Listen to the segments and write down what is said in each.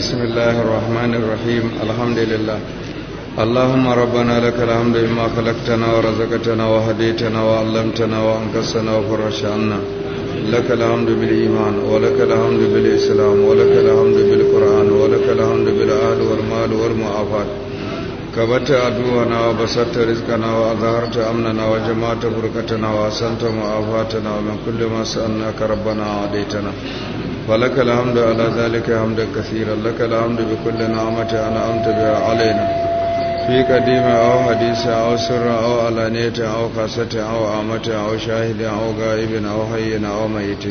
بسم الله الرحمن الرحيم الحمد لله اللهم ربنا لك الحمد بما خلقتنا ورزقتنا وهديتنا وعلمتنا وأنقذتنا وفرجت عنا لك الحمد بالإيمان ولك الحمد بالإسلام ولك الحمد بالقرآن ولك الحمد بالأهل والمال والمعافات كبت عدونا وبسطت رزقنا وأظهرت أمننا وجمعت بركتنا وأحسنت معافاتنا ومن كل ما سألناك ربنا عاديتنا ولك الحمد على ذلك حمدا كثيرا لك الحمد بكل نعمة أنعمت بها علينا في قديم أو حديث أو سر أو علانية أو خاصة أو عامة أو شاهد أو غائب أو حي أو ميت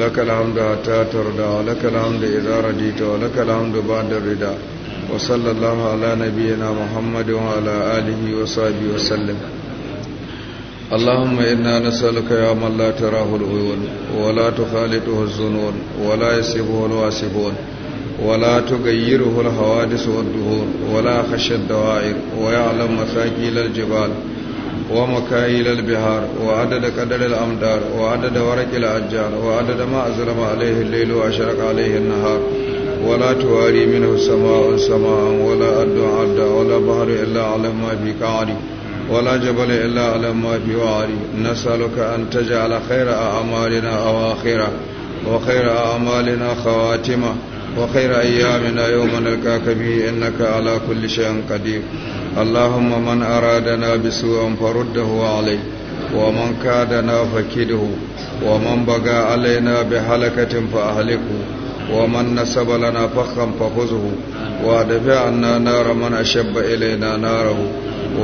لك الحمد حتى ترضى ولك الحمد إذا رضيت ولك الحمد بعد الرضا وصلى الله على نبينا محمد وعلى آله وصحبه وسلم اللهم إنا نسألك يا من لا تراه العيون ولا تخالطه الظنون ولا يسبه الواسبون ولا تغيره الحوادث والدهور ولا خشى الدوائر ويعلم مساكيل الجبال ومكايل البحار وعدد قدر الأمدار وعدد ورق الأشجار وعدد ما أزلم عليه الليل وأشرق عليه النهار ولا تواري منه سماء سماء ولا أد عد ولا بحر إلا على ما في قعري ولا جبل إلا على ما في وعري نسألك أن تجعل خير أعمالنا أواخره وخير أعمالنا خواتمه وخير أيامنا يوم نلقاك به إنك على كل شيء قدير اللهم من أرادنا بسوء فرده عليه ومن كادنا فكده ومن بقى علينا بحلكة فأهلكه ومن نسب لنا فخا فخذه ودفع عنا نار من أشب إلينا ناره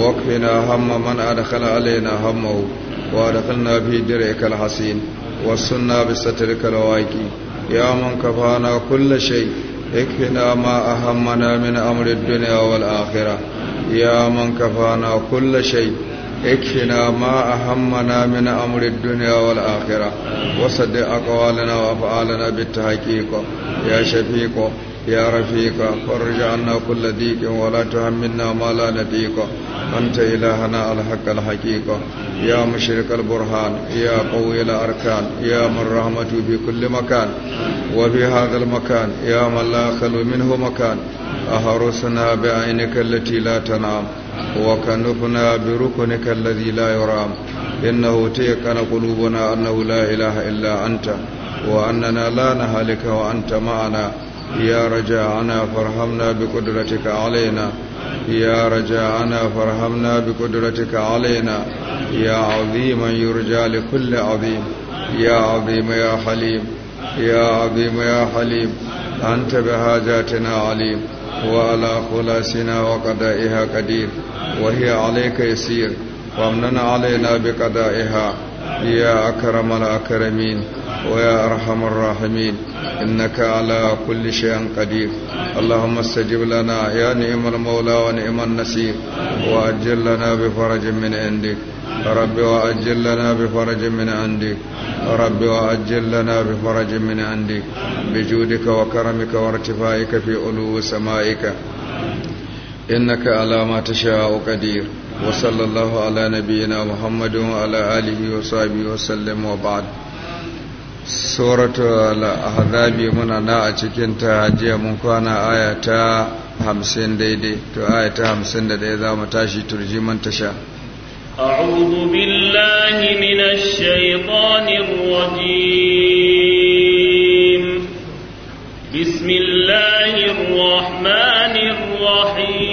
واكفنا هم من أدخل علينا همه وادخلنا في درعك الحسين والسنة بسترك الواكي يا من كفانا كل شيء اكفنا ما أهمنا من أمر الدنيا والآخرة يا من كفانا كل شيء اكفنا ما أهمنا من أمر الدنيا والآخرة وصدق أقوالنا وأفعالنا بالتحقيق يا شفيق يا رفيق فرج عنا كل ضيق ولا تهمنا ما لا نطيق أنت إلهنا الحق الحقيقة يا مشرق البرهان يا قوي الأركان يا من رحمة في كل مكان وفي هذا المكان يا من لا خلو منه مكان أهرسنا بعينك التي لا تنام وكنفنا بركنك الذي لا يرام إنه تيقن قلوبنا أنه لا إله إلا أنت وأننا لا نهلك وأنت معنا يا رجاءنا فارحمنا بقدرتك علينا يا رجاءنا فارحمنا بقدرتك علينا يا عظيما يرجى لكل عظيم يا عظيم يا حليم يا عظيم يا حليم أنت بحاجاتنا عليم وعلى خلاصنا وقدائها قدير وهي عليك يسير وامنن علينا بقدائها يا أكرم الأكرمين ويا أرحم الراحمين إنك على كل شيء قدير اللهم استجب لنا يا نعم المولى ونعم النصير وأجل لنا بفرج من عندك رب وأجل لنا بفرج من عندك رب وأجل لنا بفرج من عندك بجودك وكرمك وارتفاعك في علو سمائك إنك على ما تشاء قدير وصلى الله على نبينا محمد وعلى آله وصحبه وسلم وبعد suratu al-ahzabi muna na a cikin ta jiya mun kwana aya ta 50 daidai to aya ta 51 za mu tashi turjiman tasha a'udhu billahi minash shaitanir rajim bismillahir rahmanir rahim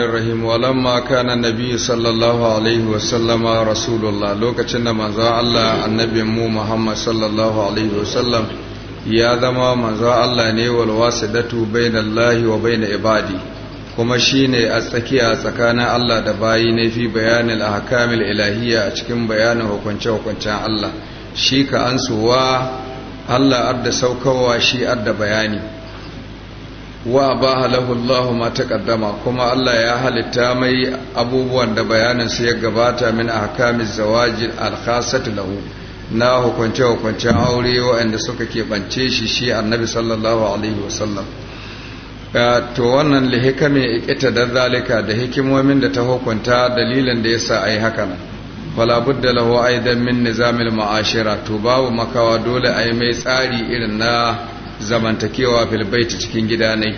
الرحمن الرحيم ولما كان النبي صلى الله عليه وسلم رسول الله لوكacin da manzo Allah annabin mu Muhammad sallallahu alaihi wasallam ya zama manzo Allah ne wal wasidatu bainallahi wa bain ibadi kuma shine a tsakiya tsakanin Allah da bayi ne fi bayanil ahkamil ilahiyya a cikin bayanin hukunce hukuncen Allah shi ka ansuwa Allah adda saukowa shi adda bayani wa ba Allahu ma taqaddama kuma Allah ya halitta mai abubuwan da bayanin su ya gabata min ahkamiz zawajil al-khassati lahu na hukunce hukunce aure waanda suka keɓance shi shi annabi sallallahu alaihi wasallam to wannan lihikami ikita da zalika da hikimomin da ta hukunta dalilin da yasa ai haka nan wala budda lahu aidan min nizamil ma'ashira to babu makawa dole ai mai tsari irin na zamantakewa filbaiti cikin gida ne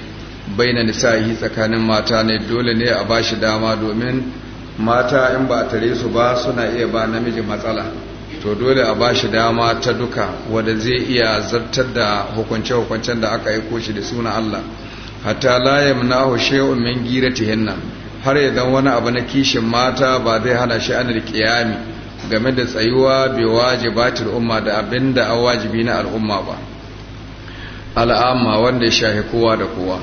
baina nisa'ihi tsakanin mata ne dole ne a ba shi dama domin mata in ba tare su ba suna iya ba namiji matsala to dole a ba shi dama ta duka wadda zai iya zartar da hukunce-hukuncen da aka aiko shi da suna Allah hatta la yamnahu shay'un min giratihinna har idan wani abu na kishin mata ba zai hana shi anar kiyami game da tsayuwa bai wajibatul umma da abinda an wajibi na al'umma ba al'amma wanda ya shahi kowa da kowa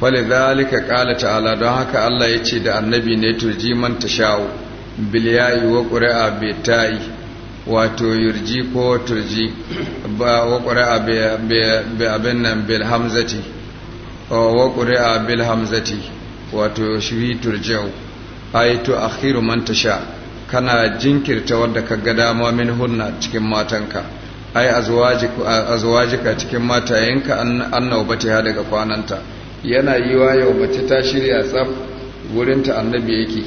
wale zalika kala ta'ala don haka Allah ya ce da annabi ne turji man ta sha'u biliyayi wa ƙuri'a bai ta'i wato yurji ko turji ba wa ƙuri'a bai abin nan bil hamzati wa ƙuri'a bil hamzati wato shiri turjau ai to akhiru man ta sha kana jinkirta wadda ka ga dama min hunna cikin matanka ai azwajika cikin matayenka ha daga kwananta yana yiwa yau mace ta shirya tsaf wurinta annabi yake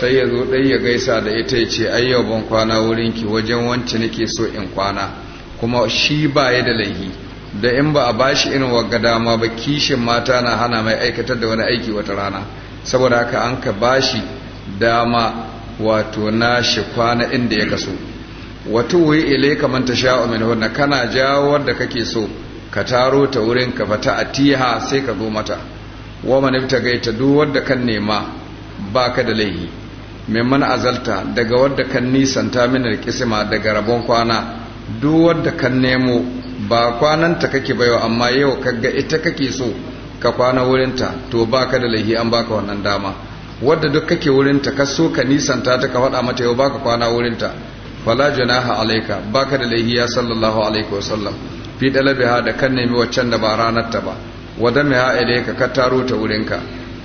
sai ya zo ɗai ya gaisa da ita ya ce ai yau ban kwana wurinki wajen wanci nake so in kwana kuma shi ba ya da laifi. da in ba a bashi irin wagga dama ba kishin mata na hana mai aikatar da wani aiki wata rana saboda haka an ka bashi dama wato na shi kwana inda ya kaso wato wai ilai kaman ta sha'u min hunna kana jawo wanda kake so ka taro ta wurin ka fata atiha sai ka zo mata wa man gaita duk wanda kan nema baka da laihi man azalta daga wanda kan nisanta min alqisma daga rabon kwana duk wanda kan nemo ba kwananta kake bayo amma yau kaga ita kake so ka kwana wurinta to baka da laihi an baka wannan dama wadda duk kake wurinta ka so ka nisanta ta ka faɗa mata yau baka kwana wurinta fala janaha alayka baka da laihiya sallallahu alaihi wasallam fi dalabiha da kan nemi waccan da ba ranar ta ba wa damiha ilayka ka taro ta wurin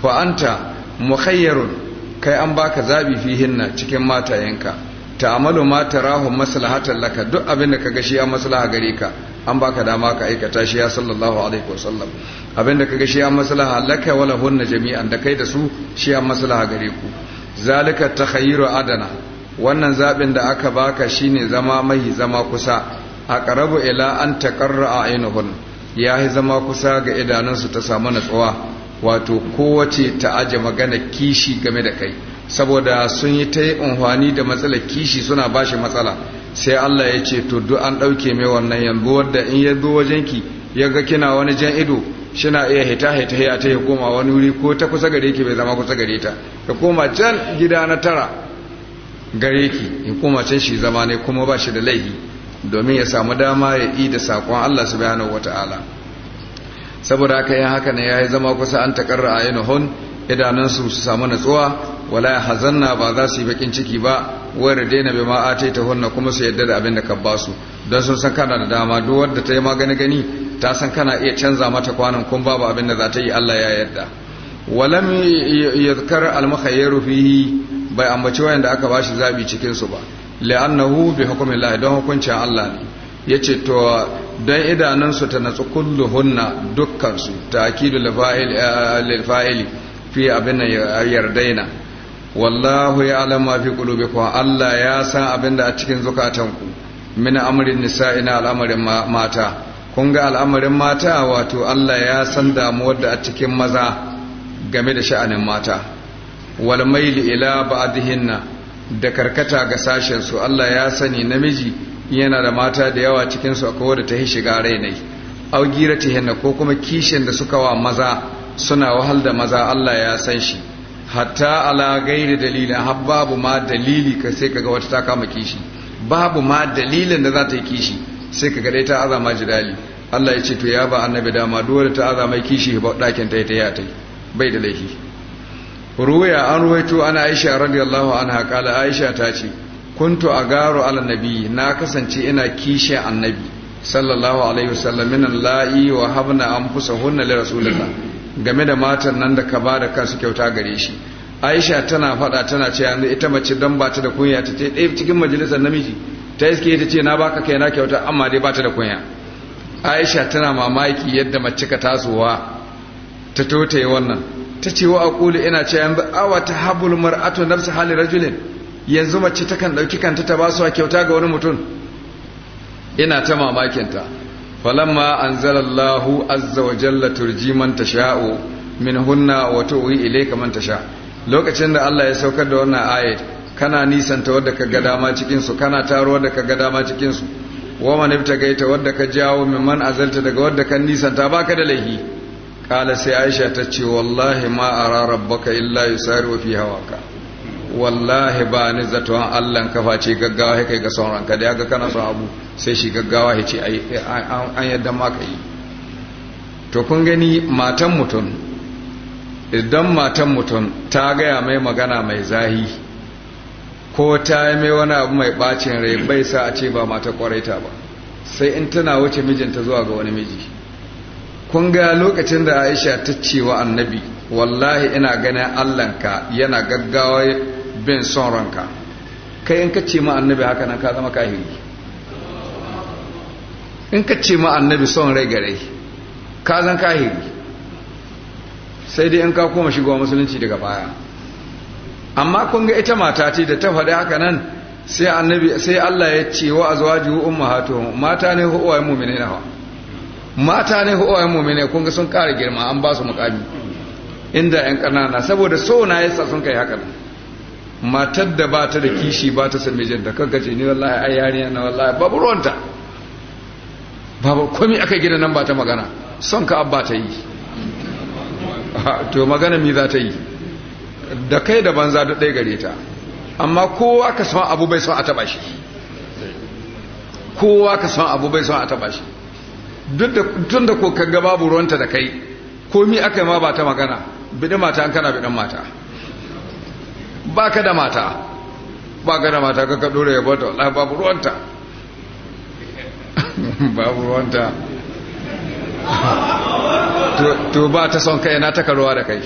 fa anta mukhayyarun kai an baka zabi fihinna cikin matayenka ta'amalu ma tarahu maslahatan laka duk abin da ga shi ya maslaha gare ka an baka dama ka aikata shi ya sallallahu alaihi wasallam abin da ga shi ya maslaha laka wala hunna jami'an da kai da su shi ya maslaha gare ku zalika khayiro adana wannan zaɓin da aka baka shine zama mai zama kusa a ƙarabu ila an taƙarra a ainihun ya yi zama kusa ga idanunsu ta samu natsuwa wato kowace ta aje magana kishi game da kai saboda sun yi ta yi unhwani da matsalar kishi suna bashi matsala sai Allah ya ce to duk an ɗauke mai wannan yanzu wadda in ya zo wajenki ya ga kina wani jan ido shina iya hita hita ya ya koma wani wuri ko ta kusa gare ki bai zama kusa gare ta ya koma jan gida na tara gare ki in koma can shi zama ne kuma ba shi da laifi domin ya samu dama ya yi da saƙon Allah subhanahu wata'ala saboda haka yin haka ne ya yi zama kusa an takarra a hun idanunsu su samu natsuwa wala ya hazanna ba za su yi bakin ciki ba wayar daina bai ma a ta hunna kuma su yadda da abin da ka ba su don sun san kana da dama duk wadda ta yi magani gani ta san kana iya canza mata kwanan kun babu abin da za ta yi Allah ya yadda walam yadhkar al-mukhayyiru fihi bai ambaci da aka bashi zabi cikin su ba li'annahu bi hukmillahi don hukuncin Allah ne yace to dan idanan su ta natsu kulluhunna dukkan su ta'kidul fa'il eh, lil fa'ili fi abin yardaina wallahu ya'lamu ma fi qulubikum Allah ya san abin da a cikin zukatanku min amrin nisa'ina al'amarin mata kun ga al'amarin mata wato Allah ya san damuwar da a cikin maza game da sha'anin mata wal maili ila ba'dihinna da karkata ga sashen su Allah ya sani namiji yana da mata da yawa cikin su akwai wanda ta yi shiga rainai au giratihinna ko kuma kishin da suka wa maza suna wahal da maza Allah ya san shi hatta ala gairi dalilin har ma dalili ka sai kaga wata ta kama kishi babu ma dalilin da za ta yi kishi sai kaga dai ta azama jidali Allah ya ce to ya ba annabi dama dole ta azama kishi ba dakin ta ta yi bai da laifi ruwaya an ruwaito ana aisha radiyallahu anha kala aisha ta ce kuntu garo ala nabi na kasance ina kishe annabi sallallahu alaihi wasallam min la'i wa habna hunna li rasulillah game da matan nan da ka ba da kansu kyauta gare shi aisha tana fada tana ce yanzu ita mace don ba ta da kunya ta ce ɗaya cikin majalisar namiji ta iske ta ce na baka kai na kyauta amma dai ba ta da kunya aisha tana mamaki yadda mace ka tasowa ta tote wannan ta ce wa ƙuli ina ce yanzu awa habul mar'atu na su hali rajulin yanzu mace takan ɗauki kanta ta su kyauta ga wani mutum ina ta mamakin ta falamma zalallahu azza wa jalla turji man sha'o min hunna wa ile ilayka man sha. lokacin da Allah ya saukar da wannan ayat kana nisanta wadda ka ga dama cikin kana taro wadda ka ga dama cikin su wa man ibtagaita wadda ka jawo mimman azalta daga wadda ka nisanta baka da laifi kala sai aisha ta ce wallahi ma ara rabbaka illa yusari fi hawaka wallahi ba ni zaton allan kafa ce gaggawa ya kai ga sauran ranka da ya ga kana son abu sai shi gaggawa ya ce an yadda ma ka yi to kun gani matan mutum idan matan mutum ta gaya mai magana mai zahi ko ta yi mai wani abu mai bacin rai bai sa a ce ba mata kwaraita ba sai in tana wuce mijinta zuwa ga wani miji kun ga lokacin da aisha ta ce wa annabi wallahi ina ganin allanka yana gaggawa bin son ranka kai in ka ce ma annabi haka nan ka zama kahiri in ka ce ma annabi son rai gare ka zan kahiri sai dai in ka koma shigowa musulunci daga baya amma kun ga ita mata ce da ta faɗi haka nan sai annabi sai Allah ya ce wa azwajuhu ummahatuhum mata ne huwa mu'minina mata ne uwayen ne kun ga sun ƙara girma an ba su mukami inda yan ƙanana saboda so na yasa sun kai haka matar da ba ta da kishi ba ta san da kanka ce ni wallahi ai yariya na wallahi babu ruwanta babu komai aka gida nan ba ta magana son ka abba ta yi to magana mi za ta yi da kai da banza da ɗaya gare ta amma kowa ka san abu bai san a taba shi kowa ka san abu bai san a taba shi tun da ko kaga babu ruwanta da kai komi aka yi ma ba ta magana bidi mata an kana bidan mata ba ka da mata ba ka da mata kaka dora ya bata wala babu ruwanta babu ruwanta to ba ta son kai na ta karuwa da kai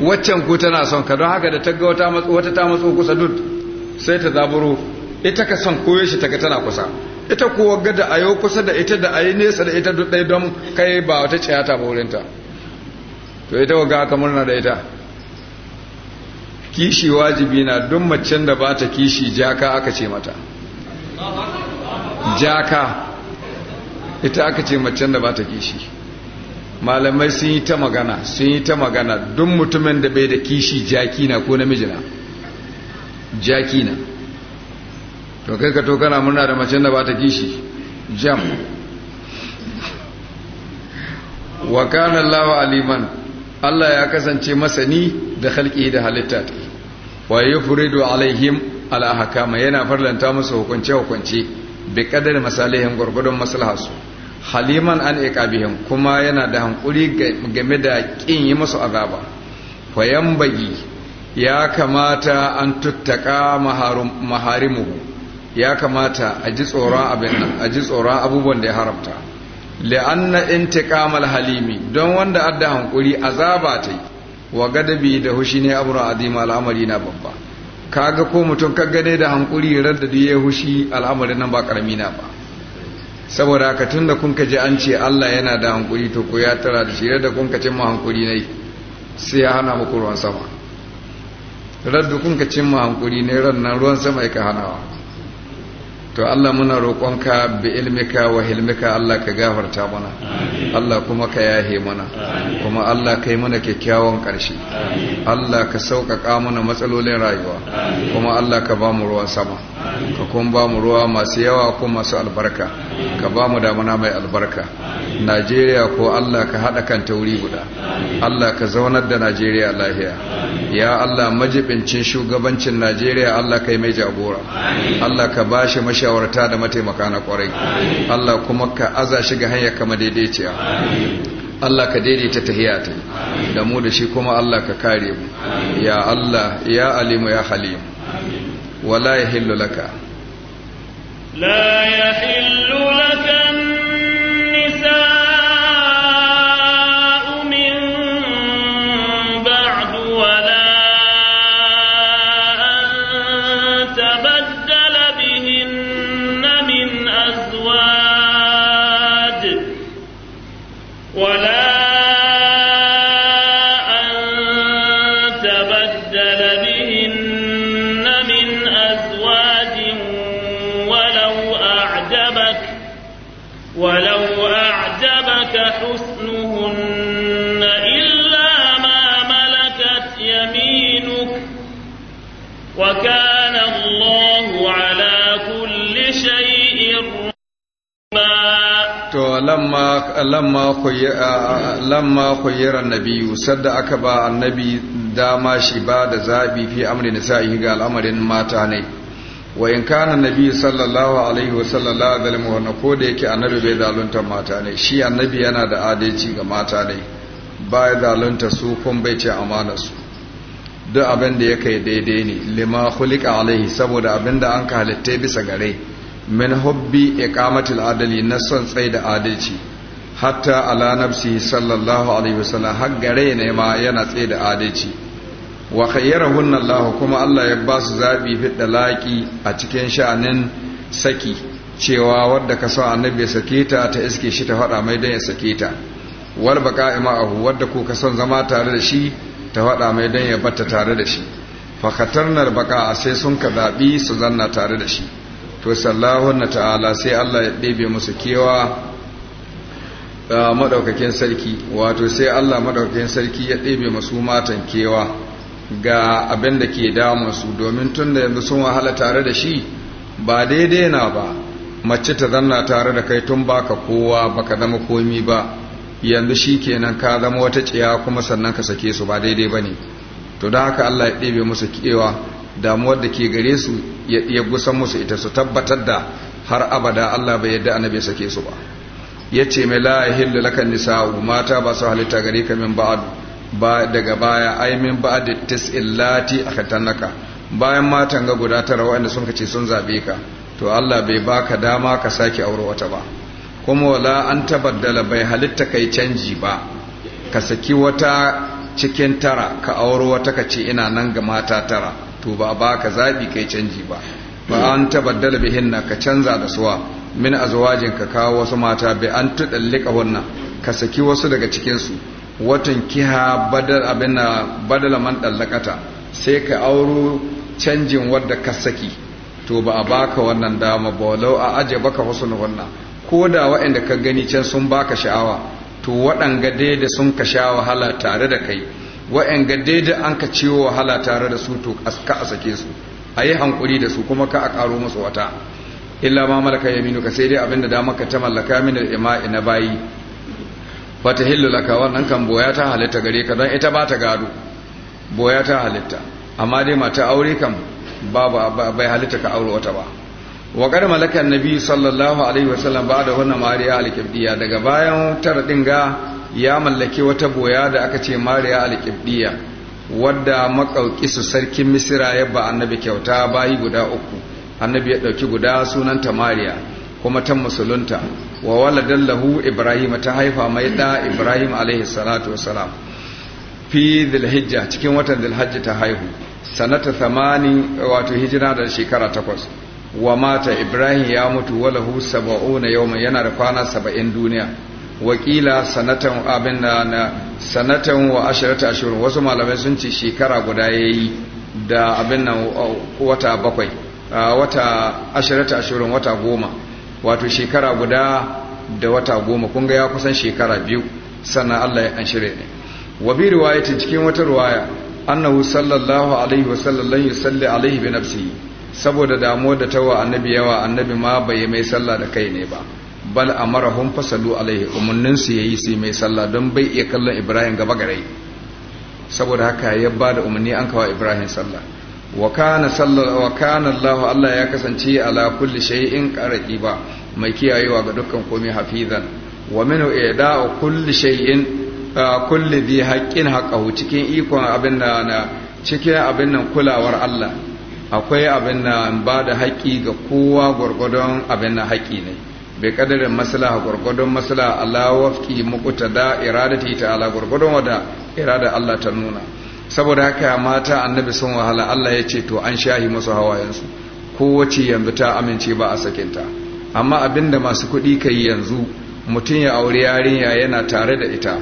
waccan ku tana son ka don haka da ta ga wata ta matso kusa dud sai ta zaburo ita ka son koyo shi ta ga tana kusa ita kuwa gada a yau kusa da ita da a yi nesa da ita duk don kai ba wata ciyata ba wurinta to ita waga aka murna da ita kishi wajibi na don macen da ba ta kishi jaka aka ce mata jaka ita aka ce macen da ba ta kishi malamai sun yi ta magana sun yi ta magana don mutumin da bai da kishi jaki na ko namijina jaki na to kai ka to kana murna da macen da ba ta kishi jam wa kana Allah aliman Allah ya kasance masani da khalqi da halitta wa yufridu alaihim ala hakama yana farlanta musu hukunce hukunce bi kadar masalihin gurgudun maslahasu haliman an iqabihim kuma yana da hankuri game da kin yi musu azaba fa yambagi ya kamata an tuttaka maharimu ya kamata a ji tsoron abin nan a ji tsoron abubuwan da ya haramta la'anna intiqamal halimi don wanda adda hankuri azaba ta wa gadabi da hushi ne amru azima al'amari na babba kaga ko mutum ka gane da hankuri radda da ya hushi al'amarin nan ba karami na ba saboda haka tunda kun ka ji an ce Allah yana da hankuri to ko ya tara da shi da kun ka cin ma hankuri ne sai ya hana muku ruwan sama radda kun ka ma hankuri ne ran nan ruwan sama yake hanawa to Allah muna roƙonka bi ilmika wa hilmika Allah ka gafarta mana Allah kuma ka yahe mana kuma Allah kai mana kyakkyawan ƙarshe Allah ka sauƙaƙa mana matsalolin rayuwa kuma Allah ka ba mu ruwan sama ka kuma ba mu ruwa masu yawa ko masu albarka ka ba mu damuna mai albarka najeriya ko allah ka haɗa kan tauri guda allah ka zaunar da najeriya lahiya ya allah majibincin shugabancin najeriya allah ka yi mai jagora allah ka ba shi mashawarta da mataimaka na kwarai allah kuma ka aza shi ga hanyar kama daidaiciya Allah ka daidaita tahiyata. ta da mu da shi kuma Allah ka kare mu ya Allah ya alimu ya halimu ولا يحل لك لا يحل لك lamma khuyyaran Nabiyu sadda aka ba annabi dama shi ba da zabi fi amri nisa'i ga al'amarin mata ne wa in kana nabiyyu sallallahu alaihi wa sallallahu alaihi wa ko da yake annabi bai zalunta mata ne shi annabi yana da adalci ga mata ne ba ya zalunta su kun bai ce amana su duk abin da yake daidai ne lima khuliqa alaihi saboda abin da an ka halitta bisa gare min hubbi iqamatil adali na son tsaye da adalci hatta ala nafsi sallallahu alaihi wasallam har gare ne ma yana tsaye da adalci wa khayyarahunna Allah kuma Allah ya ba su zabi fi dalaki a cikin sha'anin saki cewa wadda ka sa annabi sake ta ta iske shi ta faɗa mai dan ya sake ta wal baqa'ima ahu wadda ko ka son zama tare da shi ta faɗa mai dan ya batta tare da shi fa khatarnar baqa'a sai sun ka zabi su zanna tare da shi to sallahu ta'ala sai Allah ya ɗebe musu kewa madaukakin sarki wato sai Allah madaukakin sarki ya ɗebe masu matan kewa ga abin da ke damunsu domin tun da yanzu sun wahala tare da shi ba daidai na ba mace ta zanna tare da kai tun baka kowa baka zama komi ba yanzu shi kenan ka zama wata ciya kuma sannan ka sake su ba daidai ba ne to don haka Allah ya ɗebe musu kewa damuwar da ke gare su ya gusan musu ita su tabbatar da har abada Allah bai yadda annabi sake su ba ya ce mai la'ahin da lakan nisa'u mata ba su halitta gari ka min ba'ad daga baya ai min ba'ad da lati a naka bayan matan ga guda tara waɗanda sun ce sun zaɓe ka to Allah bai baka dama ka sake aure wata ba kuma wala an tabaddala bai halitta kai canji ba ka saki wata cikin tara ka aure wata ka ce ina nan ga mata tara to ba ba ka zaɓi kai canji ba ba an tabaddala bihinna ka canza da suwa min azwajin ka kawo wasu mata bi an tudallika wannan ka saki wasu daga cikin su watan kiha badal abinna badala man dallakata sai ka auro canjin wanda ka saki to ba a baka wannan dama ba a aje baka husnu wannan ko da waɗanda ka gani can sun baka sha'awa to waɗanga da sun ka sha wahala tare da kai waɗanga daida an ka ciwo wahala tare da su to ka a sake su a yi hankuri da su kuma ka a ƙaro musu wata illa ma malaka yaminuka sai dai abinda da maka ta mallaka min al-ima'i na bayi fata hillu laka wannan kan boya ta halitta gare ka don ita ba ta gado boya ta halitta amma dai mata aure kan babu bai halitta ka aure wata ba wa kar Nabiyu nabi sallallahu alaihi wasallam da wannan mariya al daga bayan tar din ga ya mallaki wata boya da aka ce mariya al wadda su sarkin misira ya ba annabi kyauta bayi guda uku annabi ya ɗauki guda sunanta mariya kuma ta musulunta wa waladan lahu ibrahim ta haifa mai da ibrahim alaihi salatu wasalam fi dhilhijja cikin watan dhilhajja ta haihu sanata thamani wato hijira da shekara takwas wa mata ibrahim ya mutu walahu sab'una yawma yana da kwana saba'in duniya wakila sanatan abin na sanatan wa ashirata ashur wasu malamai sun ce shekara guda yayi da abin nan wata bakwai wata ashirata ashirin wata goma wato shekara guda da wata goma kunga ya kusan shekara biyu sannan Allah ya anshire ne wa bi riwayatin cikin wata riwaya annahu sallallahu alaihi wa sallallahu yusalli alaihi bi nafsihi saboda damuwar da tawa annabi yawa annabi ma bai mai sallah da kai ne ba bal amarahum fasalu alaihi umunnin su yayi su mai sallah don bai iya kallon Ibrahim gaba gare saboda haka ya bada umarni an kawo Ibrahim sallah wa kana sallallahu wa kana Allah Allah ya kasance ala kulli shay'in qariba mai kiyayewa ga dukkan komai hafizan wa min i'da'u kulli shay'in kulli bi haqqin haqqahu cikin ikon abin da na cikin abin nan kulawar Allah akwai abin da ba da haƙi ga kowa gurgudun abin nan haƙi ne bai kadarin maslaha gurgudun maslaha Allah wafki muqtada iradati ta'ala gurgudun wada irada Allah ta nuna saboda haka mata annabi sun wahala Allah ya ce to an shahi masu hawayensu kowace yanzu ta amince ba a sakinta amma abinda masu kuɗi ka yi yanzu mutum ya auri yarinya yana tare da ita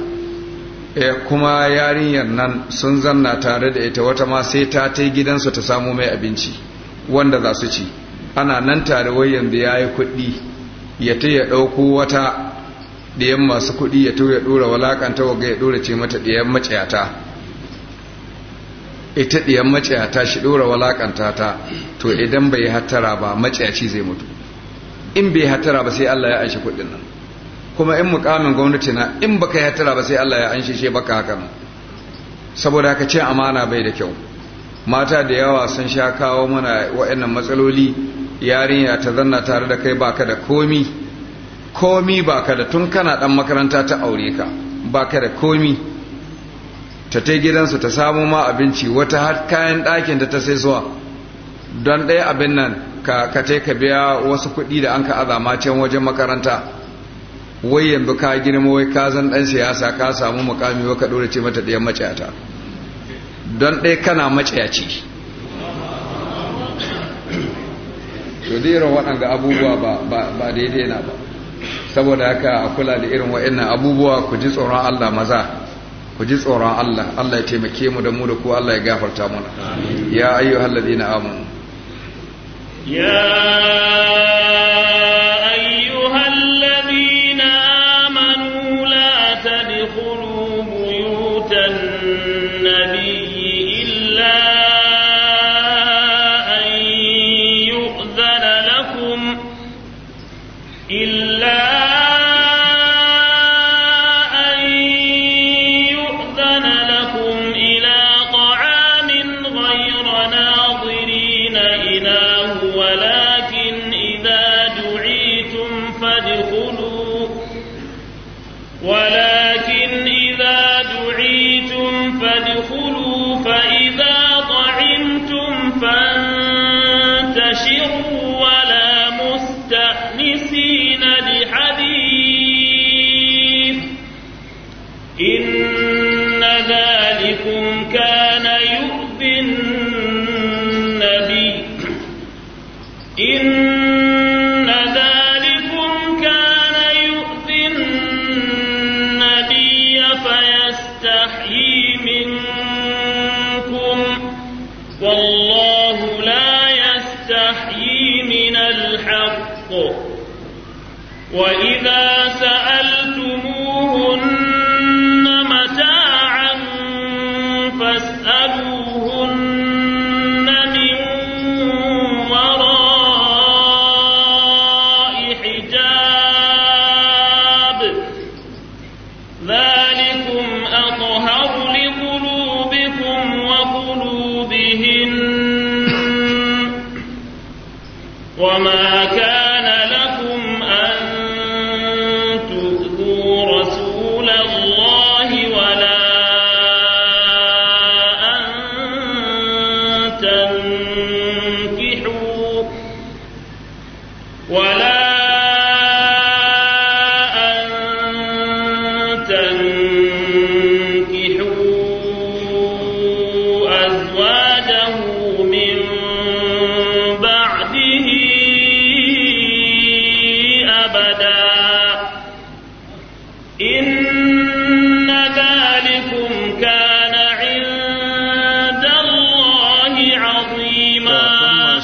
E kuma yarinyar nan sun zanna tare da ita wata ma sai ta ta gidansa ta samu mai abinci wanda za su ci ana nan tare wai yanzu ya yi kuɗi ya ta ya ɗauko wata ɗiyan masu kuɗi ya to ya ɗora walakanta waga ya ɗora ce mata ɗiyan maciyata ita ɗiyan maciya ta shi ɗora walakanta ta to idan bai hatara ba maciyaci zai mutu in bai hatara ba sai Allah ya anshi kudin nan kuma in mukamin gwamnati na in baka yi hatara ba sai Allah ya anshi shi baka haka nan saboda haka cin amana bai da kyau mata da yawa sun sha kawo mana waɗannan matsaloli yarinya ta zanna tare da kai baka da komi komi baka da tun kana dan makaranta ta aure ka baka da komi ta ta gidansu ta samu ma abinci wata har kayan ɗakin da ta sai zuwa don ɗaya abin nan ka ka ka biya wasu kuɗi da an ka azama can wajen makaranta wai yanzu ka girma wai ka zan ɗan siyasa ka samu mukami wa ka ɗora ce mata ɗayan maciyata don ɗaya kana maciyaci to da irin waɗanda abubuwa ba daidai na ba saboda haka a kula da irin waɗannan abubuwa ku ji tsoron Allah maza ku ji tsoron Allah Allah ya taimake mu da mu da ku Allah ya gafarta mana ya ayyuhal ladina amanu ya ولا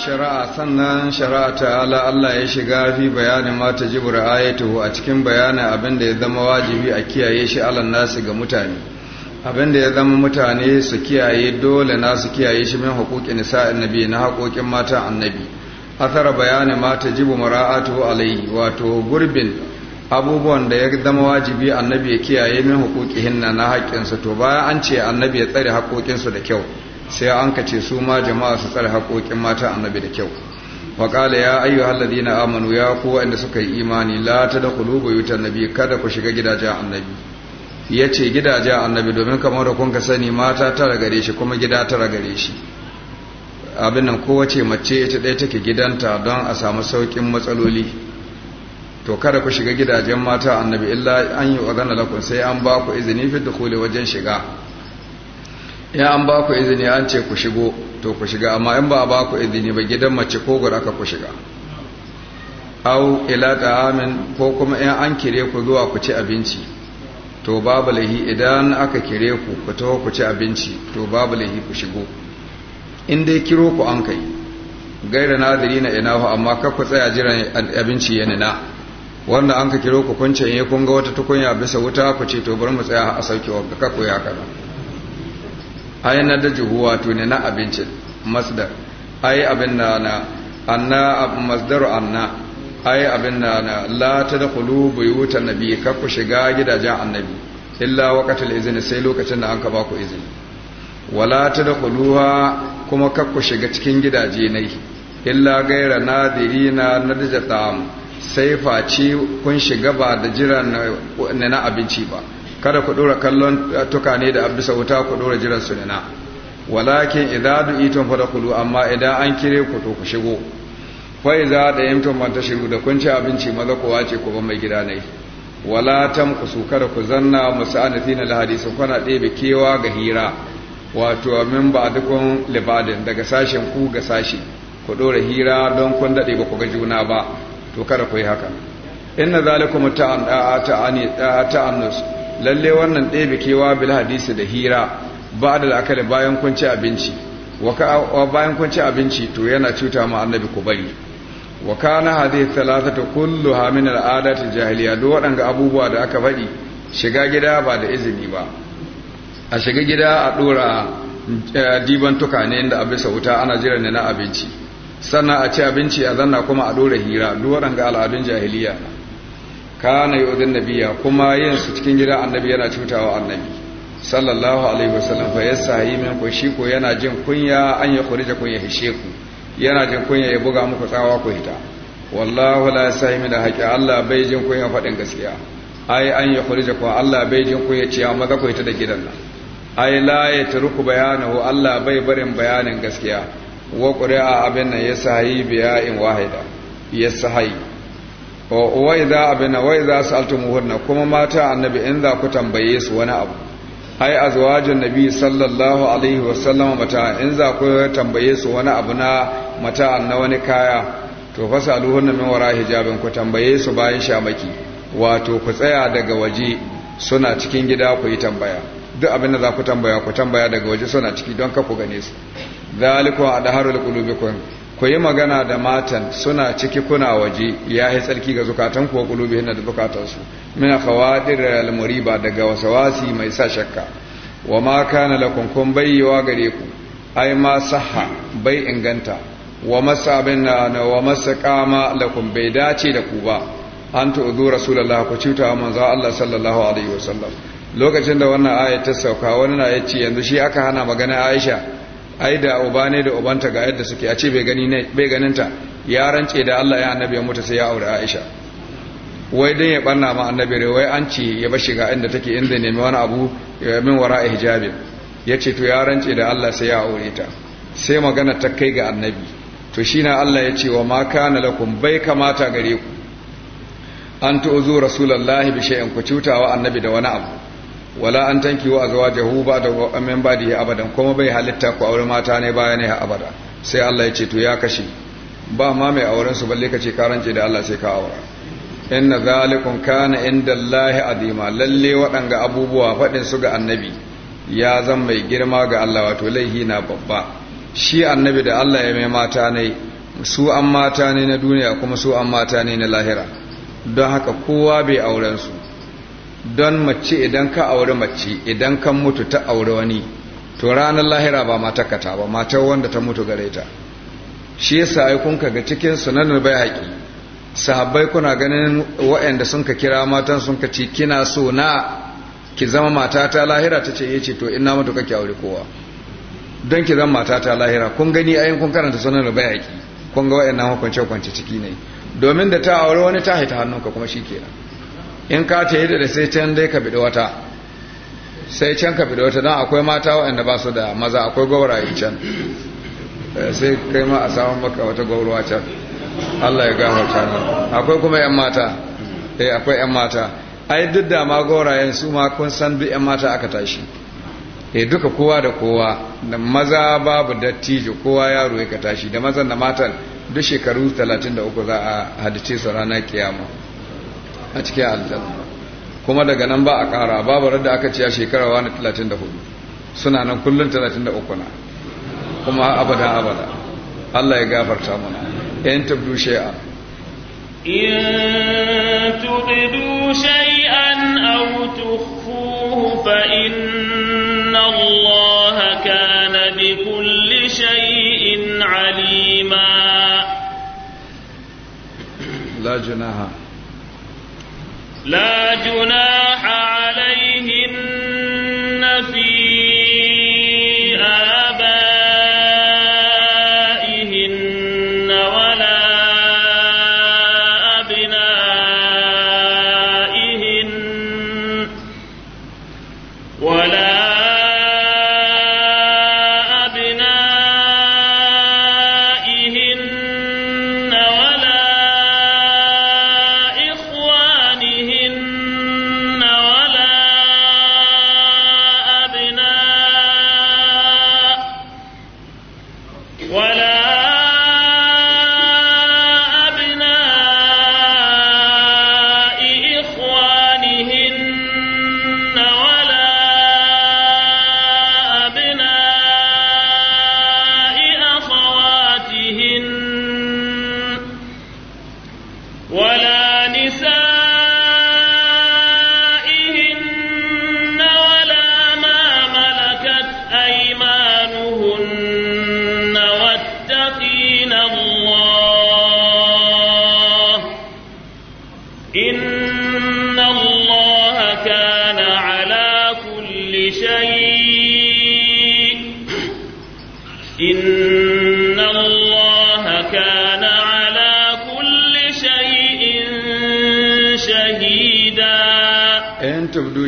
shari'a sannan shari'a ta'ala Allah ya shiga fi bayanin ma ta jibur ayatuhu a cikin bayanin abin da ya zama wajibi a kiyaye shi alan nasu ga mutane abin da ya zama mutane su kiyaye dole na su kiyaye shi min haƙoƙin nisa annabi na haƙoƙin matan annabi athara bayanin ma ta jibu mara'atuhu alai wato gurbin abubuwan da ya zama wajibi annabi ya kiyaye min haƙoƙihin na haƙƙinsu to baya an ce annabi ya tsare haƙoƙinsu da kyau sai an kace su ma jama'a su tsare haƙoƙin mata annabi da kyau wa qala ya ayyuhal ladina amanu ya ku wanda suka yi imani la tadkhulu buyutan nabi kada ku shiga gidajen annabi yace gidajen annabi domin kamar da kun ka sani mata tara gare shi kuma gida tara gare shi abin nan kowace mace ita dai take gidanta don a samu saukin matsaloli to kada ku shiga gidajen mata annabi illa an yi wa sai an ba ku izini fi dukule wajen shiga in an ba ku izini an ce ku shigo to ku shiga amma in ba a ba ku izini ba gidan mace ko guda ka ku shiga au ila ta'amin ko kuma in an kire ku zuwa ku ci abinci to babu lahi idan aka kire ku ku to ku ci abinci to babu lahi ku shigo in dai kiro ku an kai gaira nadiri na inahu amma kar ku tsaya jiran abinci ya nina wanda an ka kiro ku kun in kun ga wata tukunya bisa wuta ku ce to bari mu tsaya a sauke wa kakku ya kana ai na da juhuwa to ne na abinci masdar ai abin na na anna masdar anna ai abin na na la ta da tadkhulu buyutan nabi ka ku shiga gidajen annabi illa waqatul izni sai lokacin da an ka ba ku izini wala tadkhuluha kuma ka ku shiga cikin gidaje nai illa gaira nadirina nadjatam sai face kun shiga ba da jiran na abinci ba kada ku dora kallon eh, tukane da abisa wuta ku dora jiran su walakin idza du'itum fadkhulu amma idan an kire ku to ku shigo fa idza da yimtum man tashiru da kun ci abinci maza ku wace ku ban mai gida ne wala su kada ku zanna musa'anatina al hadisi kuna ɗebe kewa ga hira wato min ba dukun libadin daga sashen ku ga sashi ku dora hira don kun dade ba ku ga juna ba to kada ku yi haka inna zalikum ta'annus lalle wannan ɗaya bi kewa bil hadisi da hira ba da akali bayan kunci abinci wa bayan kunci abinci to yana cuta ma annabi ku bari wa kana hadhihi thalathatu kulluha min ta jahiliya duk waɗanga abubuwa da aka faɗi shiga gida ba da izini ba a shiga gida a dora eh, diban tukane inda abin bisa wuta ana jira ne na abinci sannan a ci abinci a zanna kuma a dora hira duk waɗanga al'adun jahiliya kana yudin nabiya kuma yin su cikin gidan annabi yana cutawa annabi sallallahu alaihi wasallam fa yi min ku shi ko yana jin kunya an ya kurje kun ya hishe ku yana jin kunya ya buga muku tsawa ku hita wallahu la yasahi min haƙi Allah bai jin kunya fadin gaskiya ai an ya kurje ku Allah bai jin kunya ciya maza ku hita da gidan nan ai la ya turku bayanahu Allah bai barin bayanin gaskiya wa qur'a abin nan yi biya in wahida yi wai za abin wai za su altumuhunna kuma mata annabi in za ku tambaye su wani abu ai zuwajin nabi sallallahu alaihi wasallam mata in za ku tambaye su wani abu na mata na wani kaya to fasa aluhunna min wara hijabin ku tambaye su bayan shamaki wato ku tsaya daga waje suna cikin gida ku yi tambaya duk abin da za ku tambaya ku tambaya daga waje suna ciki don ka ku gane su zalikum adharul qulubikum ku yi magana da matan suna ciki kuna waje ya yi tsarki ga zukatan kuwa kulubi na da zukatansu mina khawadir al ba daga wasawasi mai sa shakka wa ma kana lakum kun bayyawa gare ku ai ma saha bai inganta wa masa abin na wa masa kama lakun bai dace da ku ba an uzu Rasulallah ku cuta manzo Allah sallallahu alaihi wasallam lokacin da wannan aya ta sauka wani na yace yanzu shi aka hana magana Aisha ai da uba ne da ubanta ga yadda suke a ce bai ganinta ya rance da Allah ya annabi ya mutu sai ya aure Aisha wai dan ya barna ma annabi rai wai an ce ya bar shiga inda take inda nemi wani abu min wara'i hijabi yace to ya rance da Allah sai ya aure ta sai magana ta kai ga annabi to shi na Allah ya ce wa ma kana lakum bai kamata gare ku an tu'zu rasulullahi bi shay'in ku cutawa annabi da wani abu wala an tanki wa azwajahu ba da amin ba da abadan kuma bai halitta ku aure mata ne ne ya abada sai Allah ya ce to ya kashe ba ma mai auren su balle kace karance da Allah sai ka aura inna zalikum kana inda Allah azima lalle waɗanga abubuwa faɗin su ga annabi ya zan mai girma ga Allah wato laihi na babba shi annabi da Allah ya mai mata ne su an mata ne na duniya kuma su an mata ne na lahira don haka kowa bai auren su don mace idan ka aure mace idan kan mutu ta aure wani to ranar lahira ba matakata ba matar wanda ta mutu gare ta shi yasa ai kun ga cikin sunanul bai sahabbai kuna ganin wa'anda sun ka kira matan sun ka ce kina so na ki zama matata lahira ta ce yace eh, to ina mutu kake aure kowa don ki zama matata lahira kun gani ai kun karanta sunanul bai kun ga wa'annan hukunce hukunce ciki ne domin da ta aure wani ta haita hannunka kuma shikenan in ka ta yi da sai can dai ka bidi wata sai can ka bidi wata don akwai mata waɗanda ba su da maza akwai yi can eh, sai kai ma a samun maka wata gwauruwa can Allah ya gama na akwai kuma yan mata eh akwai yan mata ai duk da ma gwaurayen su ma kun san duk yan mata aka tashi eh duka kowa da kowa da maza babu dattijo kowa yaro ya ka tashi da mazan da matan duk shekaru 33 za a hadice su ranar kiyama a cikin aljanna kuma daga nan ba a ƙara babu radda aka ciya shekara wani 34 suna nan kullum 33 na kuma abada abada Allah ya gafarta mana in tabdu shay'a in tubdu shay'an aw tukhfuhu fa inna Allah kana bi kulli shay'in alima la junaha لا جناح عليهن في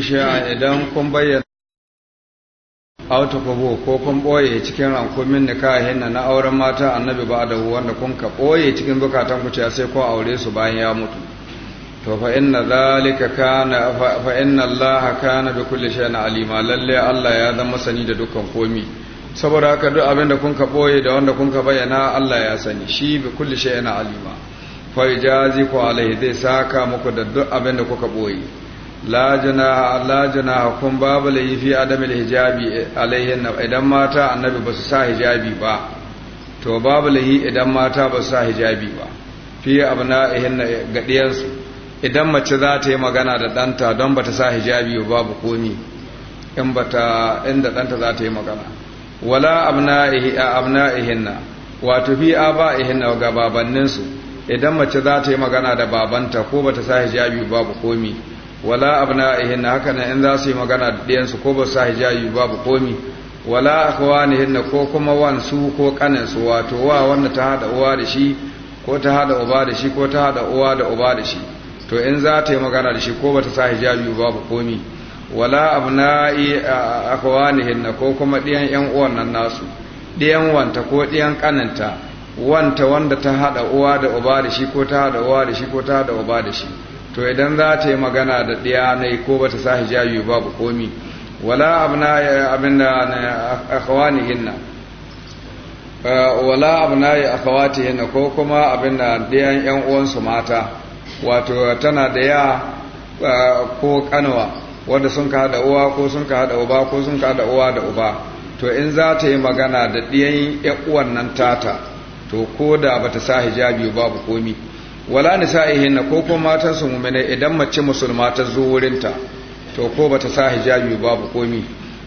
shi'a idan kun bayyana auta kubo ko kun ɓoye cikin rankumin hinna na auren mata annabi ba da wanda kun ka ɓoye cikin bukatan ku sai kun aure su bayan ya mutu to fa inna zalika kana fa inna Allah kana bi kulli shay'in alima lalle Allah ya zama sani da dukkan komi saboda haka duk abin da kun ka ɓoye da wanda kun ka bayyana Allah ya sani shi bi kulli shay'in alima fa yajazi ku alaihi zai saka muku da duk abin da kuka ɓoye lajina janaha la janaha kun babu laifi adamil hijabi alaihin idan mata annabi ba su sa hijabi ba to babu laifi idan mata ba su sa hijabi ba fi abna'ihin ga diyansu idan mace za ta yi magana da ɗanta don ba ta sa hijabi ba babu komi in ba ta inda ɗanta za ta yi magana wala abna'ihin na wato fi aba'ihin na ga babanninsu idan mace za ta yi magana da babanta ko ba ta sa hijabi babu komi wala na haka na in za su yi magana da ɗiyansu ko ba sa hijabi babu komi wala hinna ko kuma wan su ko kanin su wato wa wanda ta hada uwa da shi ko ta hada uba da shi ko ta hada uwa da uba da shi to in za ta yi magana da shi ko ba ta sa hijabi babu komi wala ni hinna ko kuma ɗiyan yan uwan nan nasu ɗiyan wanta ko ɗiyan kaninta wanta wanda ta hada uwa da uba da shi ko ta hada uwa da shi ko ta hada uba da shi to idan za ta yi magana da na yi ko ba ta sa hijabi ba komi wala abna abin da akhawani hinna eh, wala abna akhawati hinna ko kuma abin da ɗayan ƴan uwansu mata wato tana da ya eh, ko kanwa wanda sun ka da uwa ko sun ka da uba ko sun ka da uwa da uba to in za ta yi magana da ɗayan ƴan uwan nan tata to ko da ba ta sa hijabi ba komi wala na ko kuma matan su mu'minai idan mace musulma ta zo wurinta to ko bata sa hijabi babu komi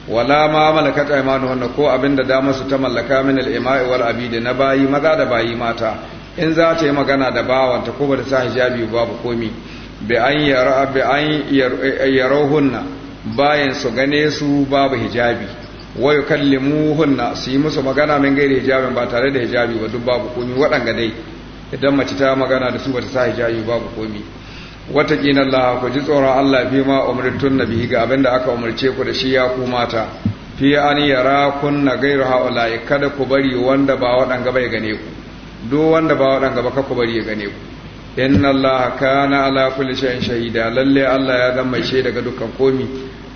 wala ma malakat aymanuhunna ko abinda damar su ta mallaka min al-ima'i wal abidi na bayi maza da bayi mata in za ta yi magana da bawanta ko bata sa hijabi babu komi bi an yara bi an bayan su gane su babu hijabi wa yukallimuhunna su yi musu magana min gairi hijabin ba tare da hijabi ba duk babu komi waɗanga dai idan mace ta magana da su bata sa hijabi babu komi wata kinan Allah ku ji tsoron Allah fi ma umritun nabi ga abin da aka umarce ku da shi ya ku mata fi an yara kunna gairu haula'i kada ku bari wanda ba waɗanga bai gane ku duk wanda ba waɗanga ba ku bari ya gane ku inna Allah kana ala kulli shay'in shahida lalle Allah ya zama shi daga dukkan komi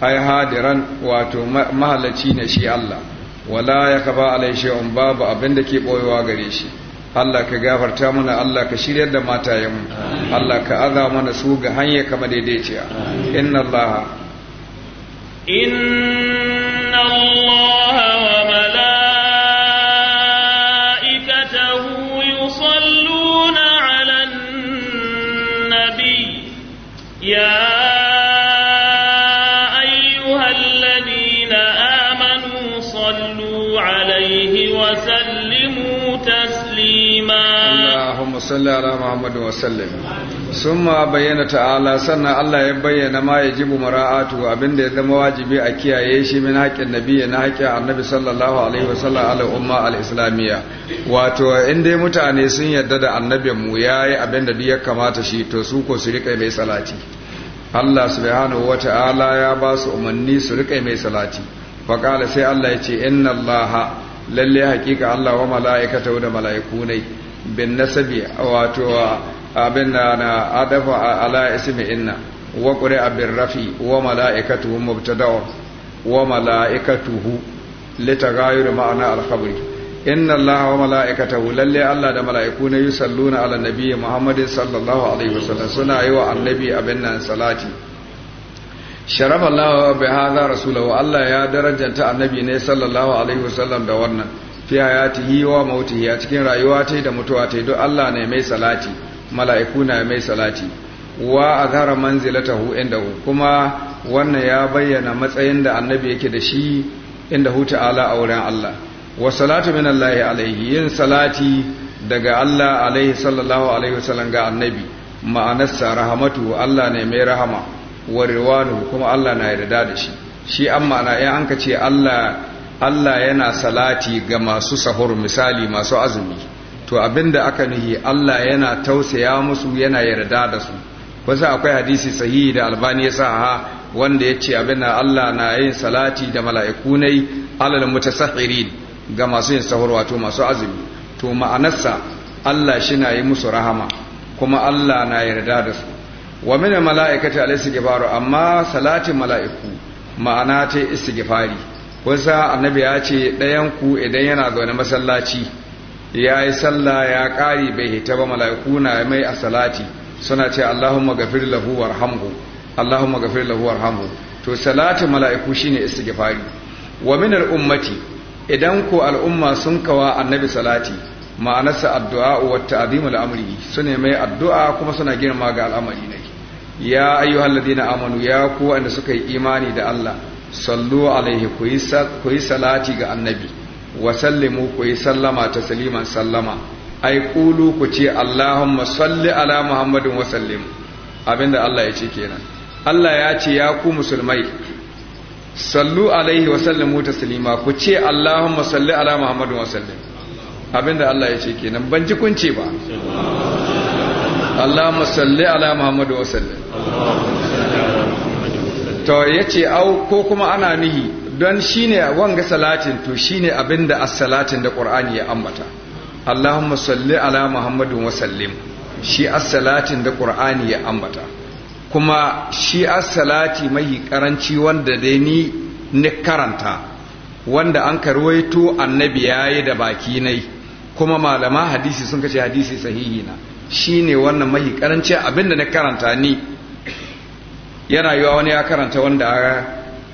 ai hadiran wato mahallaci ne shi Allah wala yakaba alai shay'un babu abinda ke boyewa gare shi Allah ka gafarta mana Allah ka shiryar da matayenmu Allah ka aza mana su ga hanya kama daidaiciya inna Allah inna Allah wa تسليما اللهم صل على محمد وسلم ثم بين تعالى سنة الله يبين ما يجب مراعاته أبن دي ذم واجب أكيا يشي من حق النبي نحق النبي صلى الله عليه وسلم على الأمة الإسلامية واتو إن دي متعني سن يدد النبي موياي أبن دي كما تشيتو سوكو سريك بي صلاتي Allah subhanahu wa ta'ala ya ba su umarni su riƙe mai salati, faƙala sai Allah ya ce, Inna Allah lalle hakika Allah wa mala'ikata da mala'iku ne bin nasabi wato abin da na adafa ala ismi inna wa qur'a bir rafi wa mala'ikatuhu mubtada'un wa mala'ikatuhu litaghayyur ma'ana al-khabri inna Allah wa mala'ikatahu lalle Allah da mala'iku ne yusalluna ala nabiyyi Muhammadin sallallahu alaihi wasallam suna yi wa annabi abin nan salati sharafa Allah bai haza rasulahu Allah ya darajanta annabi ne sallallahu alaihi wasallam da wannan fi hayatihi wa mautihi a cikin rayuwa ta da mutuwa ta duk Allah ne mai salati mala'iku na mai salati wa azhara manzilatahu inda kuma wannan ya bayyana matsayin da annabi yake da shi inda hu ta'ala a wurin Allah wa salatu min Allah alaihi yin salati daga Allah alaihi sallallahu alaihi wasallam ga annabi ma'anarsa rahmatu. Allah ne mai rahama wa kuma Allah na yarda da shi shi an ma'ana in an ka ce Allah yana salati ga masu sahur misali masu azumi to abinda aka nihi Allah yana tausaya musu yana yarda da su wasu akwai hadisi sahihi da albani ya sa ha wanda ya ce abinda Allah na yin salati da mala'iku yi alal mutasahirin ga masu yin sahur wato masu azumi to ma'anarsa Allah shi na yi musu rahama kuma Allah na yarda da su wa min mala'ikati al amma salatin mala'iku ma'ana ta istighfari kusa annabi ya ce ɗayan ku idan yana zaune masallaci ya yi sallah ya ƙari bai hita ba mala'iku na mai a salati suna ce Allahumma gafir lahu warhamhu Allahumma gafir lahu warhamhu to salatin mala'iku shine istighfari wa min ummati idan ku al'umma sun kawa annabi salati ma'anarsa addu'a wa ta'zimu su sune mai addu'a kuma suna girma ga al'amari ne ya ayyuhal ladina amanu ya ku wanda suka yi imani da Allah sallu alaihi ku yi salati ga annabi wa sallimu ku yi sallama ta saliman sallama ai kulu ku ce Allahumma salli ala Muhammadin wa abinda Allah ya ce kenan Allah ya ce ya ku musulmai sallu alaihi wa sallimu taslima ku ce Allahumma salli ala Muhammadin wa abinda Allah ya ce kenan ban ji kun ce ba Allahumma salli ala Muhammad wa sallim to yace au ko kuma ana nihi don shine wanga salatin to shine abinda as-salatin da Qur'ani ya ambata Allahumma salli ala Muhammad wa sallim shi as-salatin da Qur'ani ya ambata kuma shi as-salati mai karanci wanda dai ni ni karanta wanda an karwaito annabi yayi da baki nai kuma malama hadisi sun kace hadisi sahihi na Shi ne wannan mahi karanci abinda na karanta ni yana yiwa wani ya karanta wanda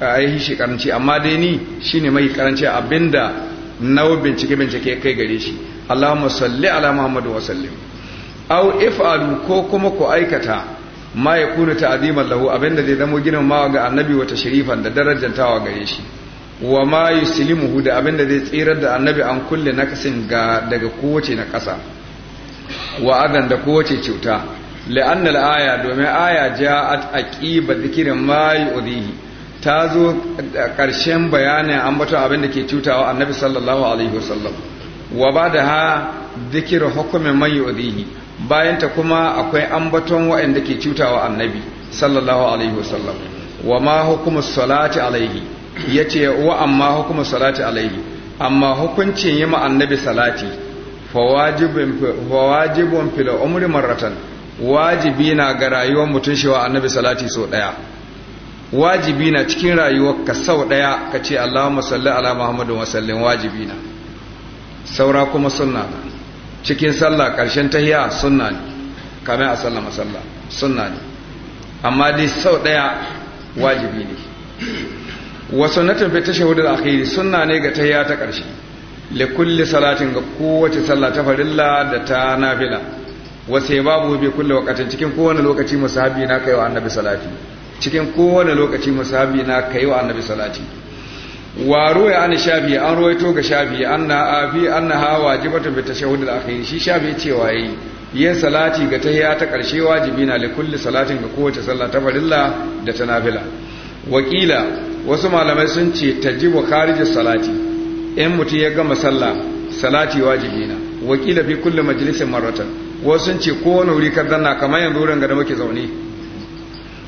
a yi shi karanci amma dai ni shi ne mahi karanci abinda na bincike bincike kai gare shi Allah salli ala Muhammadu wa Au if'alu ko kuma ku aikata ma ta adiman lahu abinda zai zama mawa ga annabi wa sharifan da darajantawa gare shi wa ma yuslimuhu da abinda zai tsirar da annabi an kulle nakasin ga daga kowace na kasa wa adan da kowace cuta la'annal aya domin aya ja'at aqiba dhikrin mai yu'dhihi ta zo karshen bayanin ambato abin da ke cutawa annabi sallallahu alaihi wasallam wa ha dhikru hukumin mai yu'dhihi bayan ta kuma akwai ambaton wa'anda ke cutawa annabi sallallahu alaihi wasallam wa ma hukumu salati alaihi yace wa amma hukumu salati alaihi amma hukuncin yi ma annabi salati fawajibun fil umri marratan wajibi na ga rayuwar mutum shi wa annabi salati sau daya wajibi na cikin rayuwar ka sau daya ka ce Allahumma salli ala Muhammadin wa sallim wajibi na saura kuma sunna na cikin sallah karshen tahiya sunna ne kamar a sallah masalla sunna ne amma dai sau daya wajibi ne wa sunnatin fi shahudar akhiri sunna ne ga tahiya ta karshe kulli salatin ga kowace sallah ta farilla da ta nafila wasu babu bi kulle waqatin cikin kowane lokaci musahabi na kaiwa wa annabi salati cikin kowane lokaci musahabi na kaiwa annabi salati wa ruwaya an shafi an ruwaito ga shafi anna afi anna ha wajibatun bi tashahhud al-akhir shi shafi cewa yi yin salati ga tahiyya ta karshe wajibi na kulli salatin ga kowace sallah ta farilla da ta nafila wakila wasu malamai sun ce tajibu kharijus salati in mutum ya gama sallah salati wajibi na wakila fi kullum majalisar maratan wasu ce kowane wuri ka zanna kamar yanzu wurin ga da muke zaune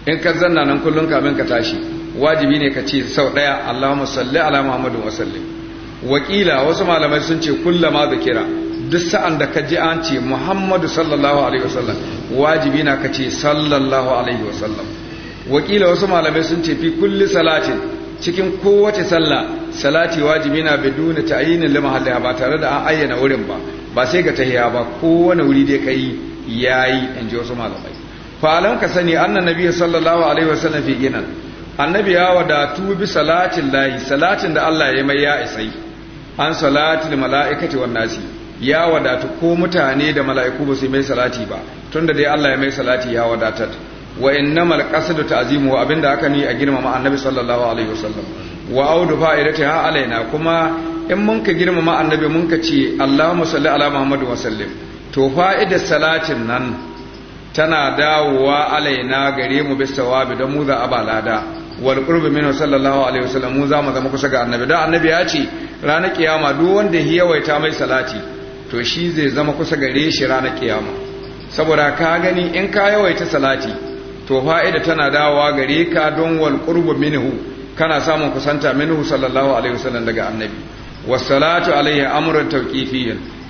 in ka zanna nan kullum kamin ka tashi wajibi ne ka ce sau daya Allahumma salli ala muhammadu wa wakila wasu malamai sun ce kullama kira duk sa'an da ka ji an ce Muhammadu sallallahu alaihi wasallam wajibi na ka ce sallallahu alaihi wasallam wakila wasu malamai sun ce fi kulli salatin cikin kowace sallah salati wajibi na biduna ta'yinin lil mahalli ba tare da an ayyana wurin ba ba sai ga tahiya ba kowane wuri dai kai yayi in ji wasu malamai fa alam ka sani annabi sallallahu alaihi wasallam fi ginan annabi ya wadatu bi salatin lahi salatin da Allah ya mai ya isai an salatil mala'ikati wan nasi ya wadatu ko mutane da mala'iku ba su mai salati ba tunda dai Allah ya mai salati ya wadatar wa innamal qasdu ta'zimu abinda aka ni a girmama annabi sallallahu alaihi wasallam wa audu ha alaina kuma in mun ka girmama annabi mun ka ce Allahumma salli ala Muhammad wa sallim to fa'ida salatin nan tana dawowa alaina gare mu bi sawabi don mu za a balada wal qurbi minhu sallallahu alaihi wasallam mu za mu zama kusa ga annabi da annabi ya ce ranar kiyama duk wanda ya yawaita mai salati to shi zai zama kusa gare shi ranar kiyama saboda ka gani in ka yawaita salati to fa'ida tana dawowa gare ka don wal minihu kana samun kusanta minihu sallallahu alaihi wasallam daga annabi salatu alaihi amrun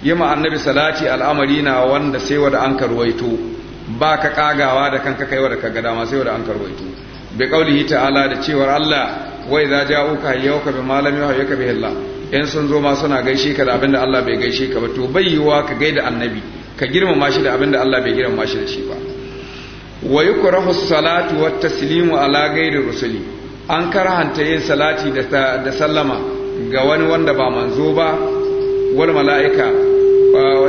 yi ma annabi salati al'amari na wanda sai wada an karwaito ba ka ƙagawa da kanka kaiwa wada kaga dama sai wanda an karwaito bi ta'ala da cewar Allah wai ja uka yau ka bi malami wa ka bi Allah in sun zo ma suna gaishe ka da abinda Allah bai gaishe ka ba to bai yiwuwa ka gaida annabi ka girmama shi da abinda Allah bai girmama shi da shi ba wa yukrahu salatu wat taslimu ala gairi rusuli an karhanta yin salati da sallama ga wani wanda ba manzo ba wal mala'ika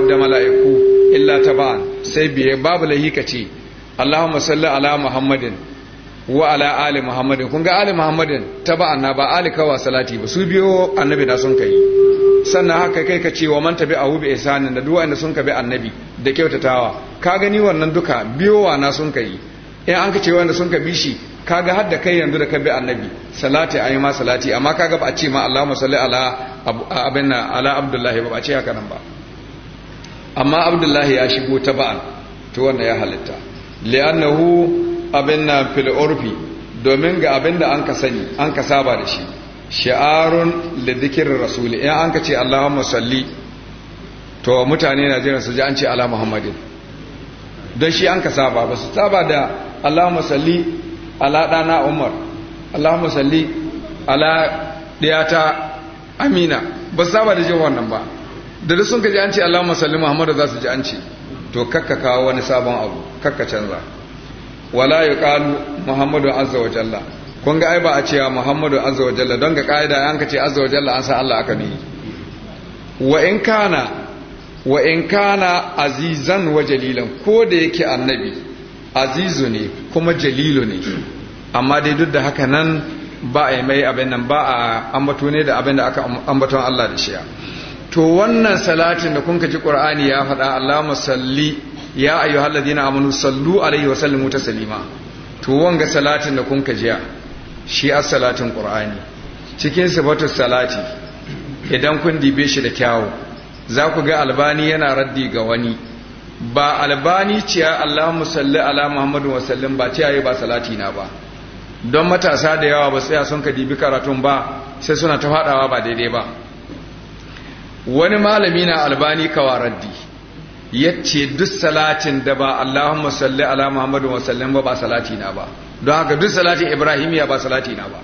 da mala'iku illa taba'an sai biye babu lahika ce Allahumma salli ala Muhammadin wa ala ali Muhammadin kun ga ali Muhammadin taba'an na ba ali kawa salati ba su biyo annabi na sun kai sannan haka kai ka ce wa man tabi'ahu bi ihsanin da duwa inda sun ka bi annabi da kyautatawa ka gani wannan duka wa na sun kai in an kace wanda sun ka bi shi kaga har da kai yanzu da ka bi annabi salati ayi ma salati amma kaga ba a ce ma Allahumma salli ala abin ala Abdullahi ba a ce haka nan ba amma Abdullahi ya shigo ta ba'an to wanda ya halitta li'annahu abin na fil urfi domin ga abin da an ka sani an ka saba da shi shi'arun li dhikri rasuli in an ka ce Allahumma salli to mutane na jiran su ji an ce ala muhammadin don shi an ka saba ba su saba da allahumma salli ala ɗana umar allahumma salli ala ɗiyata amina ba su saba da jin wannan ba da sun ka ji an ce allahumma salli muhammadu za su ji an ce to kakka kawo wani sabon abu kakka canza wala ya kalu muhammadu azza wa jalla kun ga ai ba a cewa muhammadu azza wa jalla don ga ƙa'ida an ka ce azza wa jalla an san allah aka nihi wa in kana wa in kana azizan wa jalilan ko da yake annabi azizu ne kuma jalilu ne amma dai duk da haka nan ba a yi mai abin nan ba a ambato ne da abin da aka ambaton Allah da shiya to wannan salatin da kun ji qur'ani ya faɗa Allah salli ya ayu halladina amanu sallu alaihi wa sallimu taslima to wanga salatin da kun ji shi as salatin qur'ani cikin sifatu salati idan kun dibe shi da kyawu za ku ga albani yana raddi ga wani ba albani ya Allah musalli ala Muhammadu wasallin ba ciyaye ba salati na ba don matasa da yawa ba tsaya sun ka dibi karatun ba sai suna ta fadawa ba daidai ba wani malami na albani kawa raddi yace duk salatin da ba Allahumma salli ala Muhammadu wasallin ba ba salati na ba don haka duk salatin Ibrahimiya ba salati na ba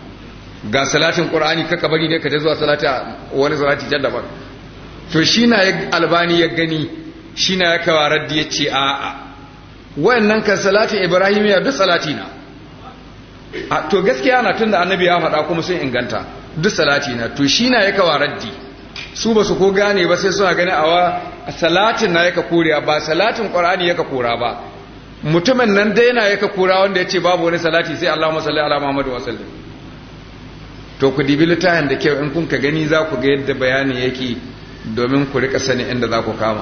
ga salatin Qur'ani kaka bari ne ka ta zuwa salati wani salati jaddaba to shi na albani ya gani shi na ya kawo raddi ya ce a'a wayannan kan salatin ibrahim ya duk salati na to gaskiya na tunda annabi ya faɗa kuma sun inganta duk salati na to shi na ya kawo raddi su ba su ko gane ba sai suna gani awa salatin na yaka koriya ba salatin qur'ani yaka kora ba mutumin nan dai na yaka kora wanda ya ce babu wani salati sai allahumma salli ala muhammadu wa to ku dibi littafin da kyau in kun ka gani za ku ga yadda bayani yake domin ku rika sani inda za ku kama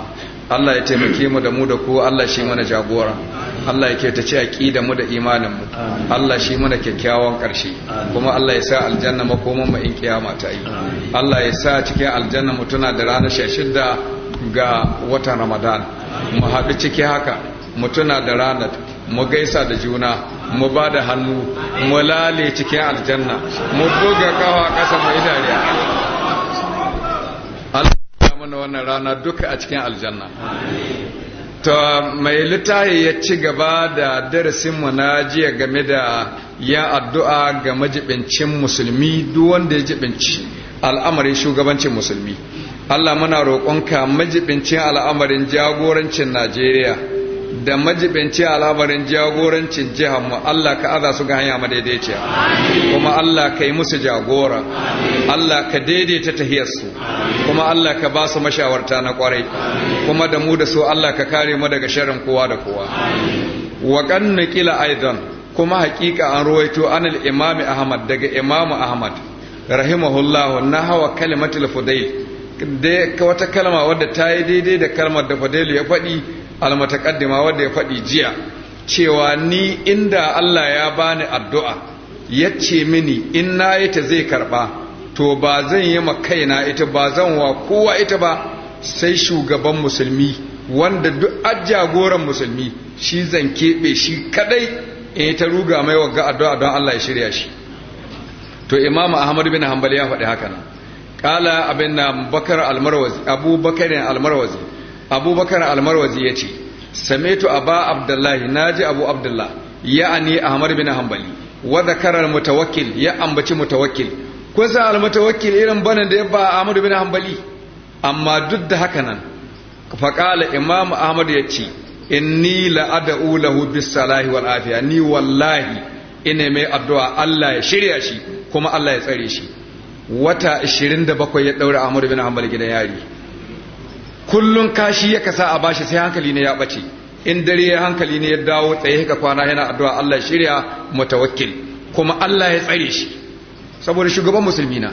Allah ya taimake mu da mu da ku Allah shi mana jagora Allah ya ce aqida mu da imanin mu Allah shi mana kyakkyawan karshe kuma Allah ya sa aljanna makoman mu in kiyama ta yi Allah ya sa cikin aljanna mu tuna da ranar shashidda ga watan Ramadan mu haɗu ciki haka mu tuna da ranar mu gaisa da juna mu ba da hannu mu lale cikin aljanna mu buga kawa ƙasa mu idariya mana wannan rana duka a cikin aljanna to mai littafi ya ci gaba da darasinmu na jiya game da ya addu'a ga majibincin musulmi duk wanda ya jibinci al'amarin shugabancin musulmi Allah muna roƙonka majibincin al'amarin jagorancin Najeriya da majibanci alabarin jagorancin jihar mu Allah ka aza su ga hanya madaidaiciya kuma Allah ka yi musu jagora Allah ka daidaita tahiyarsu. su kuma Allah ka ba su mashawarta na kwarai kuma da mu da su Allah ka kare mu daga sharrin kowa da kowa wa kan naqila aidan kuma hakika an ruwaito anil imami ahmad daga imamu ahmad rahimahullah na hawa kalimatul fudayl da wata kalma wadda ta yi daidai da kalmar da Fadailu ya faɗi almatakaddima wanda ya faɗi jiya cewa ni inda Allah ya bani addu'a yace mini in na ita zai karɓa to ba zan yi ma kaina ita ba zan wa kowa ita ba sai shugaban musulmi wanda duk ajagoran musulmi shi zan keɓe shi kadai in ta ruga mai wagga addu'a don Allah ya shirya shi to imam ahmad bin hanbal ya faɗi haka nan qala abinna bakar abubakar almarwazi abubakar almarwazi ya ce samitu ba abdullahi ji abu abdullah ya'ani ahmad bin hanbali wa dhakara mutawakkil ya ambaci mutawakkil kun san almutawakkil irin banin da ya ba ahmad bin hanbali amma duk da haka nan fa imam ahmad ya ce inni ni ad'u lahu bis salahi wal afiya ni wallahi ina mai addu'a Allah ya shirya shi kuma Allah ya tsare shi wata 27 ya daura Ahmadu bin hanbali gidan yari kullun kashi ya kasa a bashi sai hankali ne ya bace in dare ya hankali ne ya dawo tsaye ka kwana yana addu'a Allah shirya mutawakkil kuma Allah ya tsare shi saboda shugaban musulmi na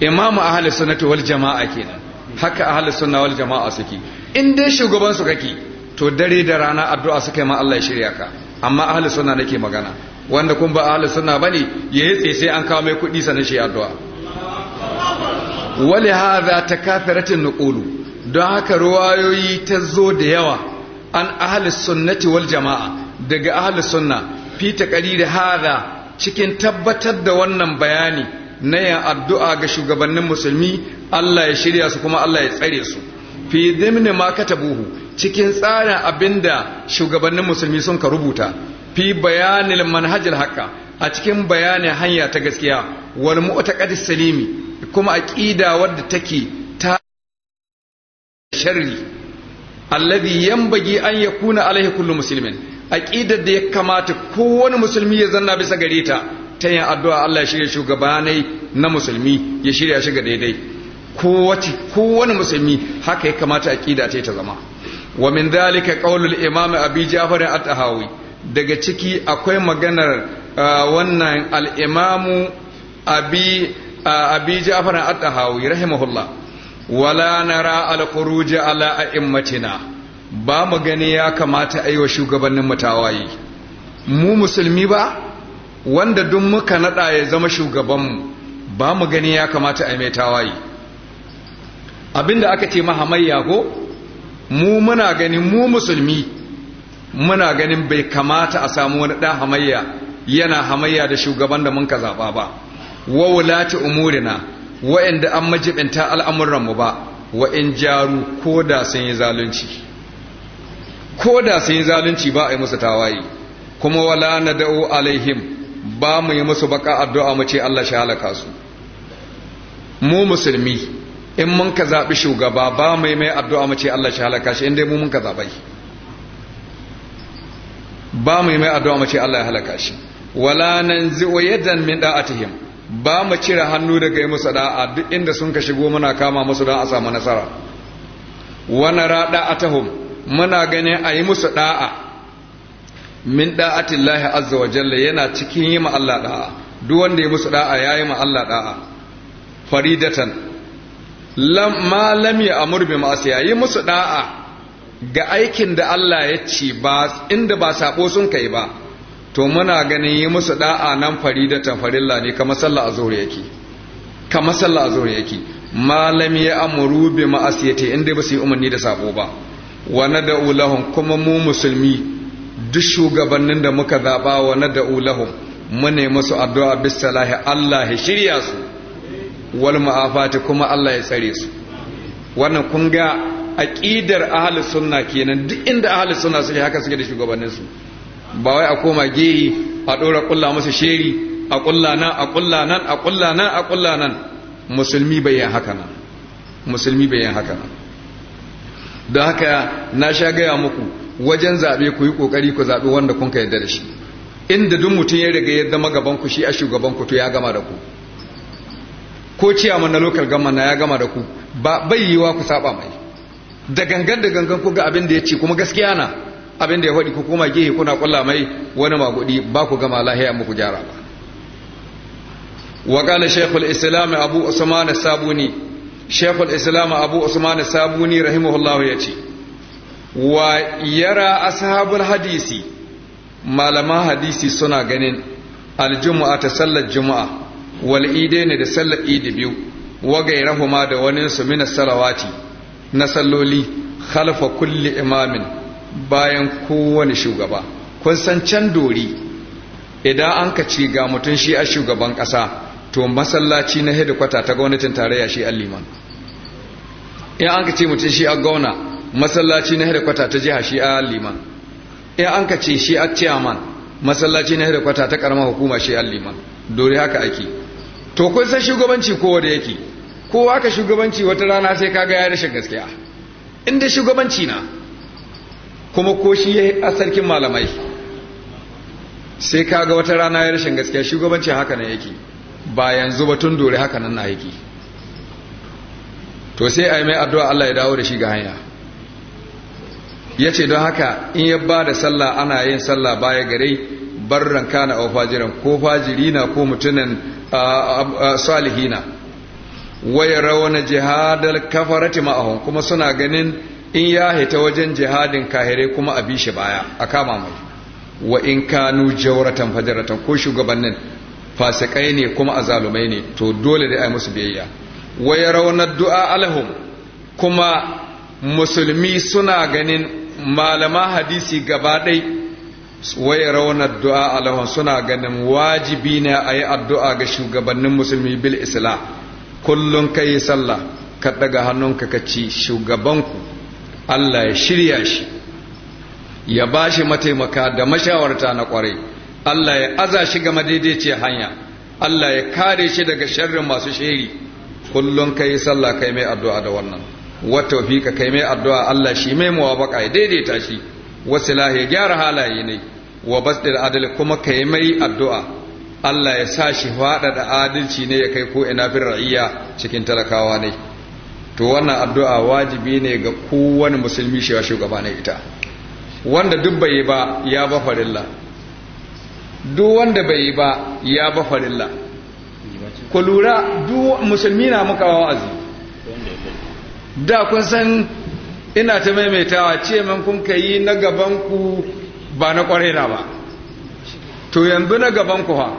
imamu ahlus sunnati wal jama'a kenan haka ahlus sunna wal jama'a suke in dai shugaban su kake to dare da rana addu'a suka yi ma Allah ya shirya ka amma ahlus sunna nake magana wanda kun ba ahlus sunna bane yayi tsaye sai an kawo mai kudi sanin shi addu'a wali haza ta kafiratin nuqulu don haka ruwayoyi ta zo da yawa an ahli sunnati wal jama'a daga ahli sunna fi taqrir haza cikin tabbatar da wannan bayani na yin addu'a ga shugabannin musulmi Allah ya shirya su kuma Allah ya tsare su fi dhimni ma katabuhu cikin tsarin abinda shugabannin musulmi sun ka rubuta fi bayanin manhajar haka a cikin bayanin hanya ta gaskiya wal mu'taqadis salimi kuma aqida wadda take ta sharri alladhi yanbaghi an yakuna alaihi kullu muslimin aqidar da ya kamata kowane musulmi ya zanna bisa gare ta ta yin addu'a Allah ya shirya shugabanai na musulmi ya shirya shi ga daidai kowace kowane musulmi haka ya kamata aqida ta ta zama wa min dhalika qaulul imam abi ja'far at-tahawi daga ciki akwai maganar ah, wannan al-imamu abi abi ja'far at-tahawi rahimahullah wala nara al-khuruj ala a'immatina ba mu gani ya kamata a yi shugabannin mutawayi mu musulmi ba wanda duk muka nada ya zama shugabanmu ba mu gani ya kamata a mai tawayi abinda aka ce mai ko mu muna ganin mu musulmi muna ganin bai kamata a samu wani ɗan hamayya yana hamayya da shugaban da mun ka zaɓa ba wawulati wulati umurina wa'anda an majibinta al'amuran mu ba wa in jaru ko da sun yi zalunci ko da sun yi zalunci ba a yi musu tawaye kuma wala na da'o alaihim ba mu yi musu baka addu'a mu ce Allah shi halaka su mu musulmi in mun ka zaɓi shugaba ba mu yi mai addu'a mu ce Allah shi halaka shi inda mu mun ka zaɓai ba mu yi mai addu'a mu ce Allah ya halaka shi wala nan zi'o yadda min da'atihim ba mu cire hannu daga yi musu da'a duk inda sun ka shigo muna kama musu don a samu nasara wani rada a tahum muna ganin a yi musu da'a min da'atin lahi azza wa jalla yana cikin yi Allah da'a duk wanda ya musu da'a ya yi Allah da'a faridatan ma lam ya amur bi ya yi musu da'a ga aikin da Allah ya ci ba inda ba sabo sun kai ba to muna ganin yi musu da'a nan fari da farilla ne kamar sallah a yake yake malam ya amuru bi ma'asiyati inda ba su yi umarni da sabo ba wane da ulahun kuma mu musulmi duk shugabannin da muka zaba wa da ulahun mu musu addu'a bis salahi Allah ya shirya su wal ma'afati kuma Allah ya tsare su wannan kun ga aqidar ahlus sunna kenan duk inda ahlus sunna suke haka suke da shugabanninsu ba wai a koma gehi a ɗora ƙulla masa sheri a ƙulla nan a ƙulla nan a ƙulla nan a ƙulla nan musulmi bai yin haka nan musulmi bai yin haka nan don haka na sha gaya muku wajen zaɓe ku yi ƙoƙari ku zaɓi wanda kun ka yarda da shi inda duk mutum ya riga yadda magaban ku shi a shugaban ku to ya gama da ku ko ciyaman na lokal gama na ya gama da ku ba bai ku saba mai da gangan da gangan ku ga abin da ya ce kuma gaskiya na abin da ya faɗi ku koma gehe kuna kulla mai wani magudi ba ku gama lahiya muku gyara ba wa da shaykhul islam abu usman sabuni shaykhul islam abu usman sabuni rahimahullahu yace wa yara ashabul hadisi malaman hadisi suna ganin aljumu'a ta sallar juma'a wal ne da sallar idi biyu wa gairahuma da wani su min salawati na salloli khalfa kulli imamin bayan kowane shugaba kun san can dori idan an ka ci ga mutum shi a shugaban ƙasa to masallaci na hedikwata ta gwamnatin tarayya shi alliman in an ka ce mutum shi a gauna masallaci na hedikwata ta jiha shi a alliman in an ka ce shi a ciyaman masallaci na hedikwata ta karama hukuma shi alliman dori haka ake to kun san shugabanci kowa da yake kowa ka shugabanci wata rana sai kaga ya rashin gaskiya inda shugabanci na kuma ko shi ya sarkin malamai sai kaga wata rana ya rashin gaskiya shugabanci haka nan yake ba yanzu ba tun dore haka nan na yake to sai a yi mai addu'a Allah ya dawo da shi ga hanya ya ce don haka in ya ba da sallah ana yin sallah baya gare barran kana a fajiran ko fajiri na ko mutumin salihina waya rawa na jihadar kafarati ma'ahun kuma suna ganin in ya hita wajen jihadin kahire kuma a bi baya a kama mai wa in kanu jawratan fajaratan ko shugabannin fasikai ne kuma azalumai ne to dole da ai musu biyayya wa yarawna du'a alahum kuma musulmi suna ganin malama hadisi gaba dai wa yarawna du'a alahum suna ganin wajibi ne ayi addu'a ga shugabannin musulmi bil islam kullun kai sallah ka daga hannunka ka ci shugabanku Allah ya shirya shi ya ba shi mataimaka da mashawarta na kwarai Allah ya aza shi ga madaidaiciyar hanya Allah ya kare shi daga sharrin masu shiri kullum ka sallah kai mai addu'a da wannan wa ka kai mai addu'a Allah shi mai muwafaka ya daidaita shi wasu ya gyara halaye ne wa basdir adal kuma kai mai addu'a Allah ya sa shi da adalci ne ya kai ko ina fi ra'iya cikin talakawa ne to wannan addu'a wajibi ne ga kowane musulmi shi shugaba na ita wanda duk bai yi ba ya ba farilla duk wanda bai ba ya ba farilla ku lura duk musulmi na muka wa'azi da kun san ina ta maimaitawa ce man kun yi na gaban ku ba na kwarena ba to yanzu na gaban ku ha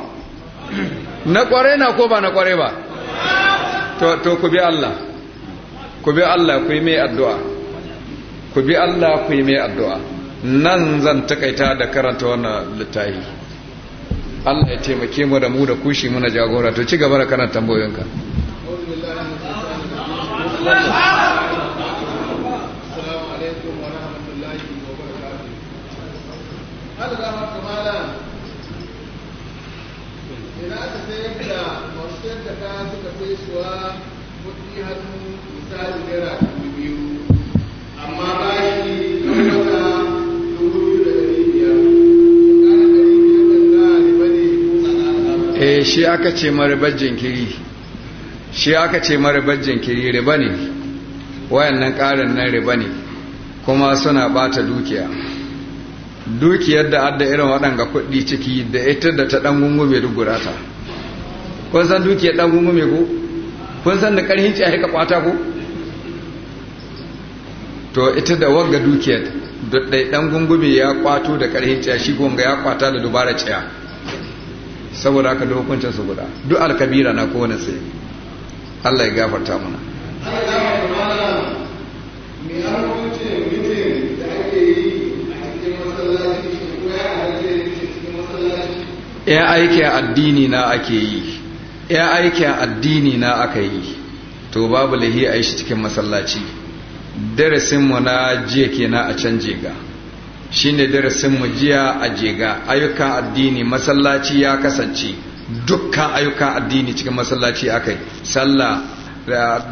na kwarena ko ba na kware ba to ku bi Allah ku bi Allah ku yi mai addu'a ku bi Allah ku yi mai addu'a nan zan takaita da karanta wannan littafi Allah ya taimake mu da mu da kushi muna jagora to ci gaba da karanta tambayoyinka Ina sayar da masu suka suwa hannu Eh, shi aka ce maribar jinkiri shi aka ce maribar jinkiri riba ne wayannan karin nan riba ne kuma suna bata dukiya dukiyar da adda irin waɗanga kuɗi ciki da ita da ta ɗan gungume duk gurata kun san dukiyar ɗan mai ku? kun san da ƙarhin ci a haika ƙwata ko to ita da wagga dukiyar dai dan gungume ya kwato da karhin tsaya shi gonga ya kwata da dubara tsaya saboda haka da hukuncin su guda duk alkabira na kowane sai Allah ya gafarta mana ya aiki addini na ake yi ya aiki addini na aka yi to babu lahi a yi shi cikin masallaci mu na jiya kenan a can jega shine mu jiya a jega ayyukan addini masallaci ya kasance dukka ayyukan addini cikin masallaci akai sallah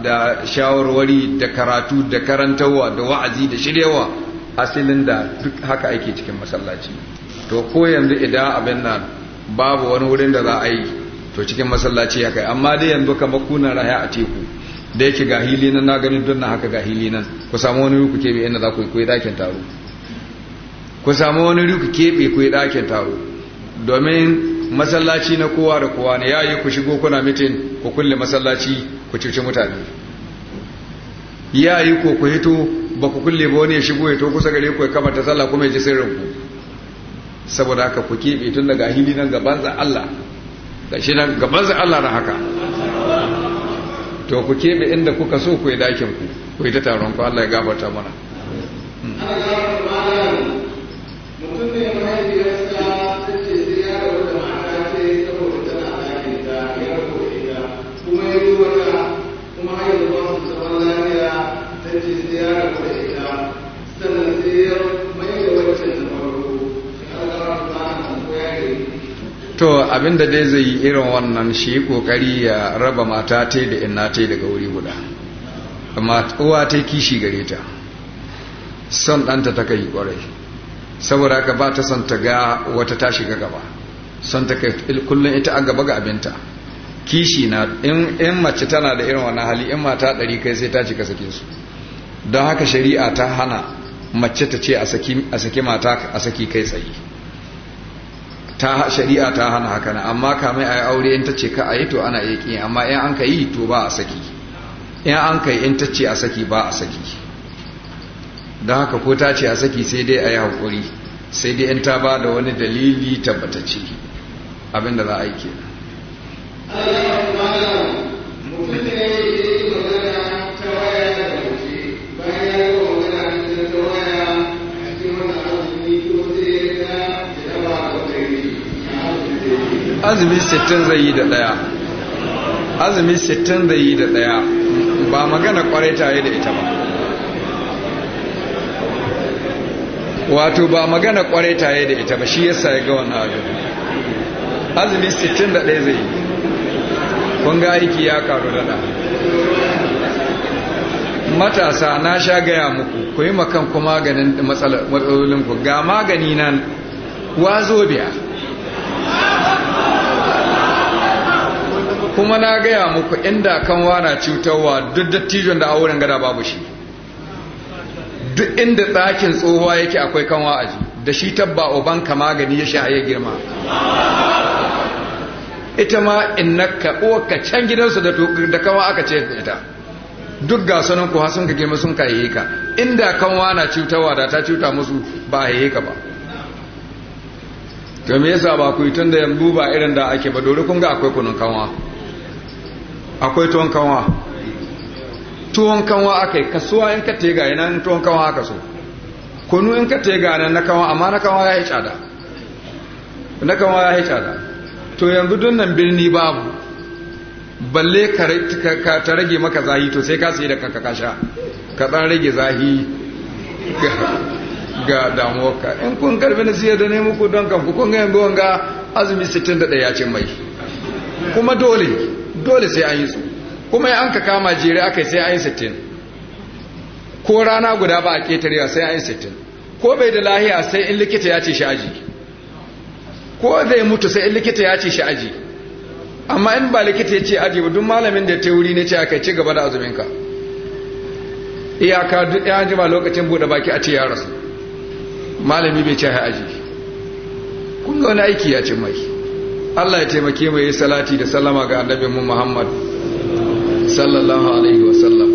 da shawarwari da karatu da karantarwa da wa'azi da shiryawa asilin da duk haka ake cikin masallaci to ko yanzu idan abin nan babu wani wurin da za a yi to cikin masallaci kai amma dai yanzu kamar kunan raya a teku da yake ga hili nan na gani don na haka ga hili nan ku samu wani ruku kebe inda za ku yi kuyi dakin taro ku samu wani ruku kebe kuyi dakin taro domin masallaci na kowa da kowa ne yayi ku shigo kuna mitin ku kulle masallaci ku cuci mutane yayi ko ku hito ba ku kulle ba wani ya shigo ya to kusa gare ku ya kamata sallah kuma ya ji sirrin ku saboda haka ku kebe tun daga hili nan gaban za Allah gashi nan gaban za Allah na haka to ku keɓe inda kuka so ku yi dakin ku ku yi ta taron ku Allah ya gafarta mana hmm. to abinda dai zai yi irin wannan shi kokari ya raba mata ta da inna ta daga wuri guda amma uwa ta kishi gare ta son ɗanta ta kai kwarai saboda ka ba ta son ta ga wata ta shiga gaba son ta kai kullum ita an gaba ga abinta kishi na in mace tana da irin wannan hali in mata ɗari kai sai ta cika sake su don haka shari'a ta hana mace ta ce a saki mata a saki kai tsaye ta shari'a ta hana haka na amma kamai a yi aure in ta ce ka a yi to ana iya ƙi amma in an ka yi to ba a saki in an ka yi in ta ce a saki ba a saki don haka ko ta ce a saki sai dai a yi haƙuri sai dai in ta ba da wani dalili tabbatacce abinda za a yi ke azumi sittin zai yi da ɗaya azumi sittin zai yi da daya ba magana kwarai yi da ita ba wato ba magana kwarai yi da ita ba shi yasa ya ga wannan abu azumi sittin da ɗaya zai yi kun ga aiki ya karu da da matasa na sha gaya muku ku yi makan kuma maganin matsalolinku ga magani nan wazo biya kuma na gaya muku inda kanwa na cutarwa duk dattijon da auren gada babu shi duk inda ɗakin tsohuwa yake akwai kanwa a ji da shi tabba oban ka magani ya sha ya girma ita ma innaka ka can gidansu da kanwa aka ce ita duk ga sunan ku sun ka girma sun ka yi ka inda kanwa na cutarwa da ta cuta musu ba a yi ka ba to me yasa ba ku yi tun da yanzu ba irin da ake ba dole kun ga akwai kunun kanwa akwai tuwon kanwa tuwon kanwa aka yi kasuwa in ka tega yin tuwon kanwa aka so kunu in ka tega nan na kanwa amma na kanwa ya yi tsada na kanwa ya yi tsada to yanzu don nan birni babu balle ka ta rage maka zahi to sai ka sai da kaka kasha ka ɗan rage zahi ga damuwarka in kun karfi na siya da nemi ku don kanku kun ga yanzu wanga azumi 61 ya ce mai kuma dole dole sai an yi su kuma ya an ka kama jere aka sai an yi sittin ko rana guda ba a ketarewa sai an yi sittin ko bai da lahiya sai in likita ya ce shi aji ko zai mutu sai in likita ya ce shi aji amma in ba likita ya ce aji ba duk malamin da ta wuri ne ce aka ci gaba da azuminka iyaka duk ya ji ba lokacin buɗe baki a ce ya rasu malami bai ce ya aji kun ga wani aiki ya ce mai Allah ya taimake mai salati da salama ga annabinmu Muhammad sallallahu alaihi wasallam